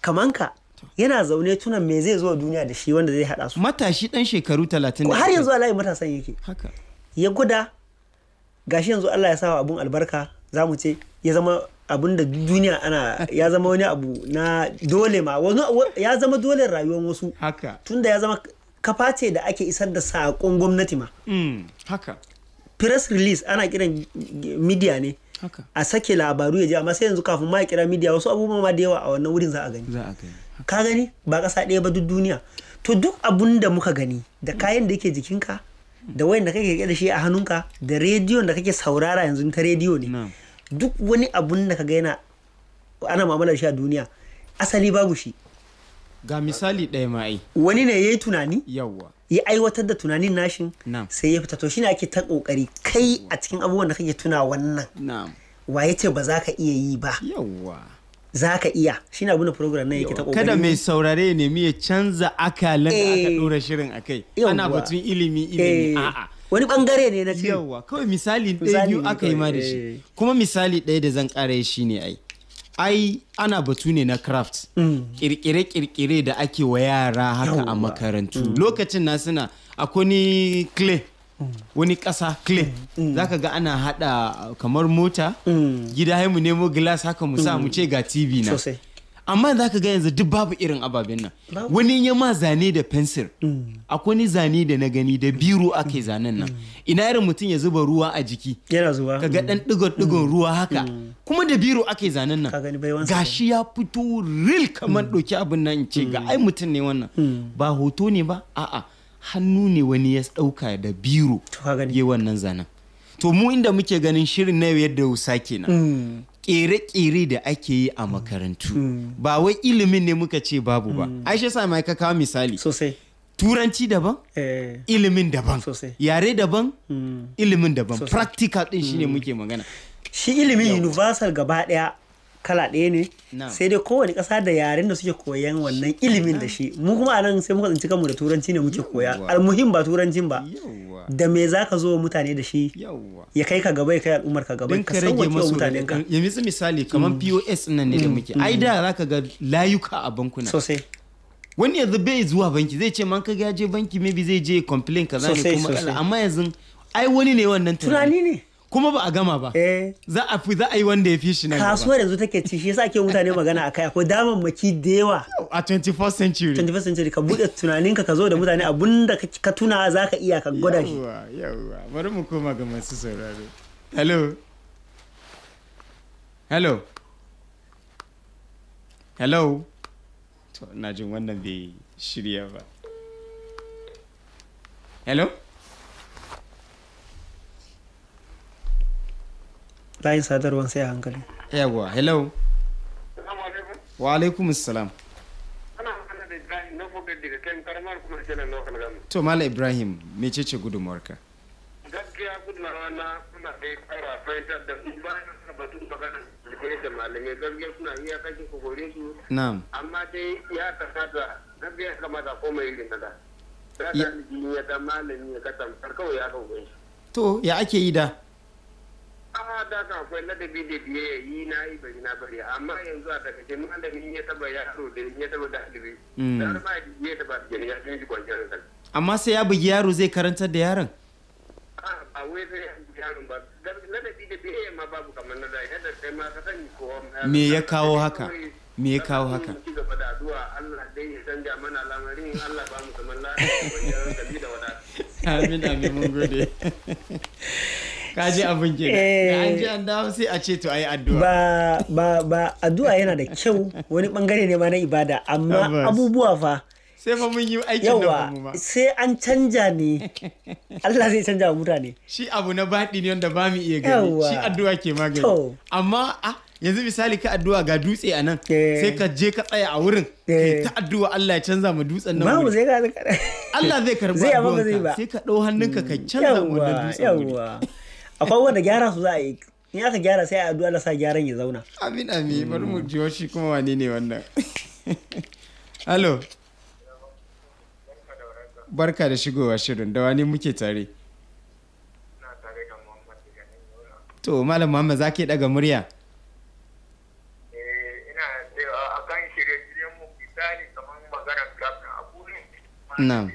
kamanka yana zaune tunan me zai zo duniya da shi wanda zai haɗa su matashi ɗan shekaru talatin har yanzu alayi matasan yake haka ya guda gashi yanzu Allah ya sawa abun albarka za mu ce ya zama abun da duniya ana ya zama wani abu na dole ma ya zama dole rayuwar wasu haka tunda ya zama kafa ce da ake isar da saƙon gwamnati ma mm, haka press release ana kiran media ne a sake labaru ya je amma sai yanzu kafin ma ya kira media wasu abubuwa ma da yawa a wannan wurin za a gani ka gani ba kasa ɗaya ba duk duniya to duk abun da muka gani da kayan da yake jikinka da wayan da kake da shi a hannunka da rediyon da kake saurara yanzu ta rediyo ne duk wani abun da ka ga yana ana mamalar shi a duniya asali babu shi ga misali ɗaya ma ai wani ne yayi tunani yawa ya aiwatar da tunanin nashin sai ya fita to shine ake ta kokari kai a cikin abubuwan da kake tuna wannan wa ya ce ba za ka iya yi ba yawa za ka iya shi na abinda program na yake ta kokari kada mai
saurare ne mu ya canza akalin da aka
dora eh. shirin akai ana batun ilimi ilimi eh. a'a wani bangare ne
na yawa kawai misali ɗaya biyu aka yi ma da shi eh. kuma misali ɗaya da zan ƙara shi ne ai ai ana batu ne na craft mm. kirkire-kirkire da ake wa yara haka a makarantu mm. lokacin na suna akwai clay mm. wani ƙasa clay zaka ga ana hada kamar mota gida mu nemo glass haka mu sa mu ce ga tv na amma za ka ga yanzu duk babu irin ababen nan wani ya ma zane da fensir mm. akwai ni zane da na gani da biro ake zanen nan mm. ina irin mutum ya zuba ruwa a jiki yana ka ga dan digon digon mm. ruwa haka kuma da biro ake zanen
nan gashi
ya fito real kamar ɗauki abin nan ce ga ai mutum ne wannan ba hoto ne ba a'a hannu ne wani ya ɗauka da biro ya wannan zanen to mu inda muke ganin shirin na yadda sake kenan kere-kere da ake yi a makarantu mm. ba wai ilimin ne muka ce babu ba mm. aisha sa mai ka kawo misali sosai turanci daban eh. ilimin daban yare daban mm.
ilimin daban practical din shine muke magana shi ilimin universal gaba daya kala ɗaya ne sai dai kowane ƙasa da yaren da suke koyan wannan ilimin da shi mu kuma anan sai muka tsinci kanmu da turanci ne muke koya almuhim ba turancin ba da me za ka zo mutane da shi ya kai ka gaba ya kai al'ummar ka gaba ka sauwa kiwon mutanen ka eh,
ya mitsi misali kamar mm. pos nan ne da mm. muke ai mm. da za ka ga layuka a bankuna sosai wani yanzu bai zuwa banki zai ce man ka ga je banki maybe zai je complain kaza ne kuma amma yanzu ai wani
ne wannan tunani ne kuma ba a gama ba eh. za a fi za a yi wanda ya fi shi nan kasuwar yanzu take ci shi yasa ake mutane magana akai akwai damammaki da yawa a 21st century 21st century ka bude tunaninka ka zo da mutane abinda ka tuna za ka iya ka gwada shi yawa
yawa bari mu koma ga masu sauraro hello hello hello to na jin wannan bai shirya ba hello
layin sadarwar sai a hankali yawa hello
wa alaikum salam to mala ibrahim mece ce gudunmawarka
gaskiya gudunmawa na kuna kai kara fahimtar da su ba na bayan batun maganar koyar da malamai gaskiya suna iya kashe ku kore su na'am amma dai ya kasa da gaskiya kama kamata komai irin da ya da malami ya kasance kawai ya kawai
to ya ake yi da
a da ka akwai ladabi da biye yi na yi bari na bari amma yanzu a daga cikin malamin ya taba yaro da ya taba hmm. da dalibi da ba ya taba da ya tun shi kwanciyar hankali
amma sai ya bugi yaro zai karantar da yaron
a wai zai ya bugi yaron ba ladabi da biye ma babu kamar na da yadda sai ma ka sani ko
me ya kawo haka me ya kawo haka ci gaba da addu'a Allah dai ya canja
mana lamarin Allah ba mu kamar lafiya da wadata amin amin mun gode ka eh. je abin ke an ji an dawo sai a ce to ayi addu'a ba ba ba addu'a yana da kyau wani bangare ne ma na ibada amma abubuwa fa sai fa mun yi aikin da mu ma sai an canja ne Allah zai canja wa mutane shi
abu na baɗi ne wanda ba mu iya gani shi addu'a ke magani amma ah, yanzu misali ka addu'a ga dutse a nan eh. sai ka je ka tsaya a wurin kai eh. ta addu'a Allah ya canza mu dutsen nan babu zai
ka Allah zai karba addu'a sai ka dau hannunka ka canza mu wannan dutsen akwai wanda gyara su za a yi in aka gyara sai a addu'a sa gyaran ya zauna amin amin bari mu jiyo shi kuma wane ne wannan alo
barka da shigowa shirin da wani muke tare to malam muhammad za ke daga murya eh,
na'am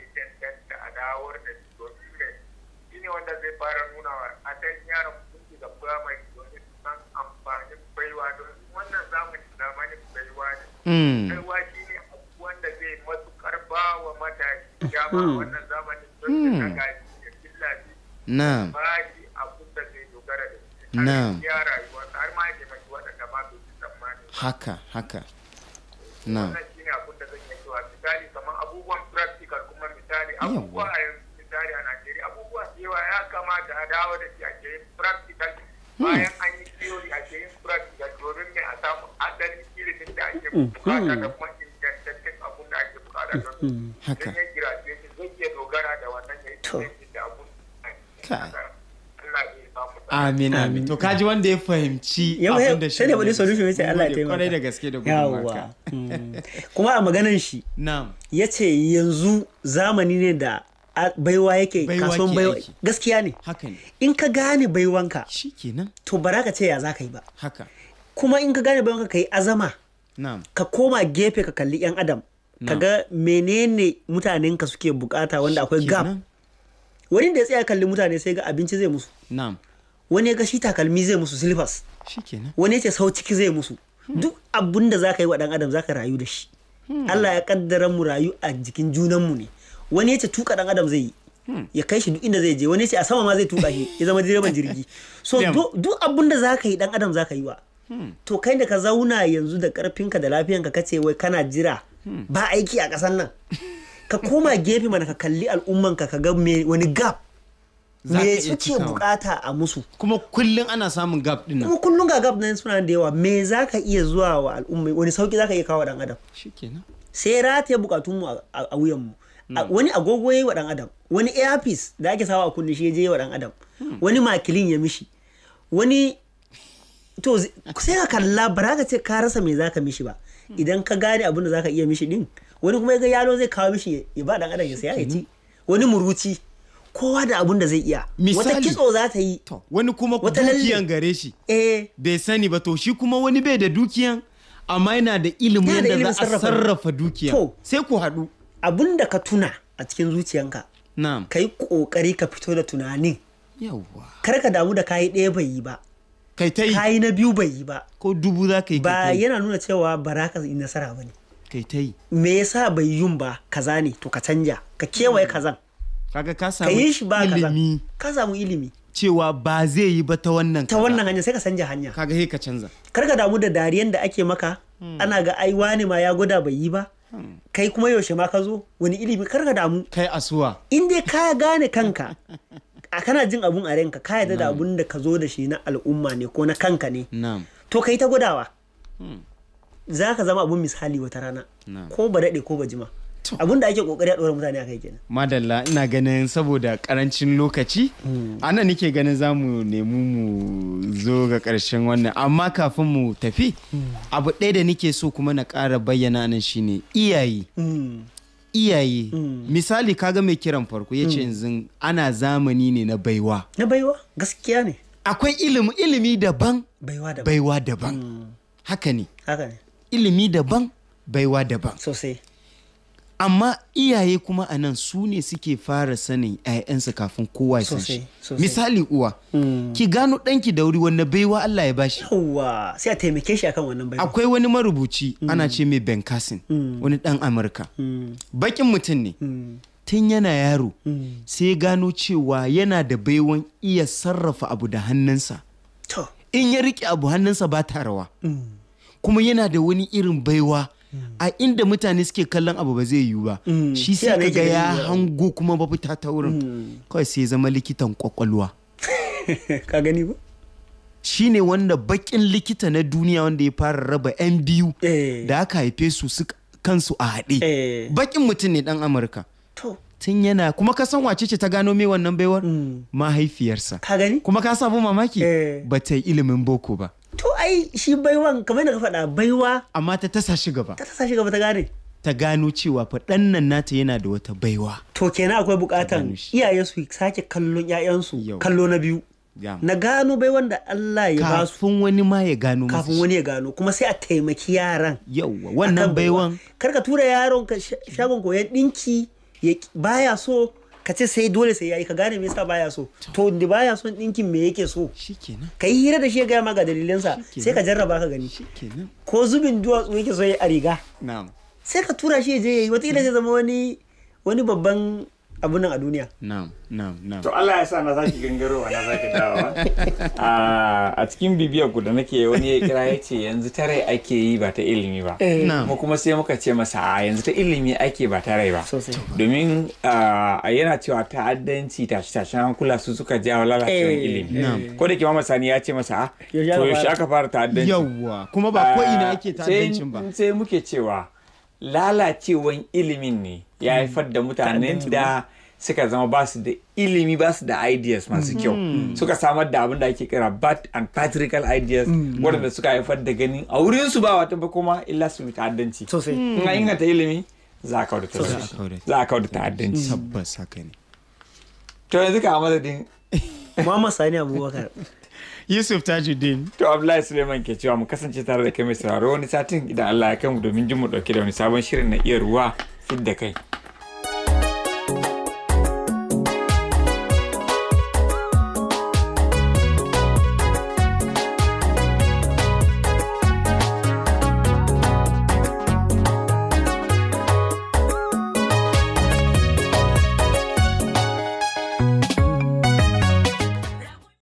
Mm. Kaiwa shi ne wanda zai matukar ba wa matashi dama hmm. wannan zamanin don ta kaga da killa shi. Na'am. Ba shi abin da zai dogara da shi. Na'am. Ya rayuwa har ma ya mace waɗanda ba su tsammani. Haka haka. Na'am. Wannan shi ne abin da zan yi cewa misali kamar abubuwan practical kuma misali abubuwa a yanzu misali a Najeriya abubuwa da yawa ya kamata a dawo da shi a ke practical hmm. bayan an yi theory a ke Mm, mm. da ake bukata da kuma abin da ake bukata don mm, ya graduation zai iya dogara da wannan ya yi da
abin Amin amin to kaji wanda ya fahimci abin da shi ne wani solution yace Allah ya taimaka kwarai da gaske da gudunmawa
kuma a maganan shi na'am yace yanzu zamani ne da baiwa yake kasuwan baiwa gaskiya ne haka ne in ka gane baiwanka shikenan to bara ka ce ya za ka yi ba haka kuma in ka gane baiwanka ka yi azama ka koma gefe ka kalli yan adam ka kaga menene mutanenka suke bukata wanda akwai gap wani da ya tsaya kalli mutane sai ga abinci zai musu wani ya ga shi takalmi zai musu silifas wani ya ce sau ciki zai musu hmm. duk abun da ka yi wa dan adam ka rayu da shi hmm. Allah ya kaddara mu rayu a jikin junanmu ne wani ya ce tuka dan adam zai yi hmm. ya kai shi duk inda zai je wani ya ce a sama ma zai tuka shi ya zama direban jirgi so duk abun da ka yi dan adam za ka yi wa to kai da ka zauna yanzu da karfinka da lafiyanka ka ce wai kana jira ba aiki a ƙasan nan ka koma gefe mana ka kalli al'ummanka ka ga wani gap me suke bukata a musu kuma kullum ana samun gap din nan kuma kullum ga gap nan suna da yawa me zaka iya zuwa wa al'umma wani sauki zaka iya kawo dan adam shikenan sai rataye bukatun mu a wuyan mu hmm. wani agogo yayi wa dan adam wani earpiece da ake sawa a kunne shi je wa dan adam hmm. wani makilin ya mishi wani to sai ka kalla ba ka ce ka rasa me zaka mishi ba idan ka gane abin da ka iya mishi din wani kuma ga yalo zai kawo mishi ya ba dan adam ya saya ya ci wani muruci kowa da abin da zai iya wata kitso za ta yi wani kuma dukiyan
gare shi eh bai sani ba to shi kuma wani bai da dukiyan
amma yana da ilimin da za a sarrafa dukiya sai ku haɗu abun da ka tuna a cikin zuciyanka na'am kai kokari ka fito da tunanin yawa kar ka damu da kayi ɗaya bai yi ba kai ta yi kai na biyu bai yi ba ko dubu za ka yi ba yana nuna cewa baraka in ka yi nasara ba ne kai ta yi me yasa bai yun ba kaza ne to ka canja ka kewaye hmm. kazan kaga ka samu ilimi ka samu ilimi cewa ba zai yi ba ta wannan ta wannan hanya sai ka canja hanya kaga sai ka canza kar ka damu da dariyan da ake maka hmm. ana ga ai wani ma ya gwada bai yi ba hmm. kai kuma yaushe ma ka zo wani ilimi kar ka damu kai asuwa in dai ka gane kanka a kana jin abun a ranka ka yarda da abun da ka zo da shi na al'umma ne ko na kanka ne to kai ta gudawa hmm. za ka zama abun misali wata rana ko ba daɗe ko ba jima abun da ake kokari a ɗora mutane a kai kenan
madalla ina ganin saboda karancin lokaci hmm. ana nike ganin za mu nemi mu zo ga ƙarshen wannan amma kafin mu tafi hmm. abu ɗaya da nike so kuma na ƙara bayyana nan shine iyaye iyaye mm. misali kaga mai kiran farko ya ce mm. yanzu ana zamani ne na baiwa na baiwa gaskiya ne akwai ilimi ilimi daban baiwa daban mm. haka ne ilimi daban baiwa daban sosai amma iyaye kuma a nan su ne suke fara sanin 'ya'yansa kafin kowa ya shi misali uwa hmm. ki gano ɗanki da wuri wanne baiwa Allah ya bashi yawa sai a taimake shi akan wannan baiwa akwai wani marubuci hmm. ana ce mai Ben Carson hmm. wani ɗan Amurka bakin mutum ne tun yana yaro sai gano cewa yana da baiwan iya sarrafa abu da hannunsa in ya rike abu hannunsa ba tarawa rawa kuma yana da wani irin baiwa a inda mutane suke kallon abu ba zai yiwu ba mm. shi sai ka ga ya hango kuma ba fita ta wurin mm. kawai sai zama likitan kwakwalwa ka gani ba shi ne wanda bakin likita na duniya wanda ya fara raba yan biyu eh. da aka haife su kansu a haɗe eh. bakin mutum ne dan amurka tun yana kuma ka san wace ce ta gano me wannan baiwar mm. mahaifiyarsa ka kuma ka sabu mamaki eh. ba ta yi ilimin boko ba to ai shi baiwan kamar da ka
faɗa baiwa amma ta tasa shi gaba ta tasa shi gaba ta gane ta gano cewa fa ɗan nan nata yana da wata baiwa to kenan akwai buƙatan iyaye su sake kallon 'ya'yansu kallo na biyu na gano baiwan da Allah ya ba su kafin wani ma ya gano kafin wani ya gano kuma sai a taimaki yaran yawa wannan baiwan kar ka tura yaron ka shagon koyan ɗinki baya so ka ce sai dole sai yayi ka gane me yasa baya so to da baya son dinkin me yake so shikenan kai hira da shi ya gaya ma ga dalilansa sai ka jarraba ka gani ko zubin duwatsu yake so yayi a riga sai ka tura shi ya je yayi wata zai zama wani babban abun nan a duniya
na'am na'am na'am
to Allah
ya sa na saki gangarowa na zaki dawa.
Ah, a cikin bibiyar ku da nake wani ya kira ya ce yanzu ta rai ake yi ba ta ilimi ba eh. mu kuma sai muka ce masa a yanzu ta ilimi ake ba ta rai ba domin ah, yana cewa ta'addanci tashi tashin hankula su suka jawo lalacewar eh. ilimi ko da ke mama sani ya ce masa a to yaushe aka fara ta'addanci yawwa kuma ba ko ina ake ah, ta'addancin ba sai muke cewa lalacewan ilimin ne ya hmm. haifar da mutanen da suka zama ba su da ilimi ba su da ideas masu hmm. kyau hmm. suka samar da abin da ake kira bad and patriarchal ideas waɗanda suka haifar da ganin a wurin su ba wata ba kuma illa su ta'addanci in an inganta ilimi za a kauda za a kauda ta'addanci
tabbas haka ne
to yanzu ka a madadin Mama
Sani Abubakar
Yusuf Tajuddin. To Abdullahi Suleiman ke cewa mu kasance tare da kai mai sauraro wani satin idan Allah ya kai mu domin jin mu dauke da wani sabon shirin na iya ruwa fidda kai.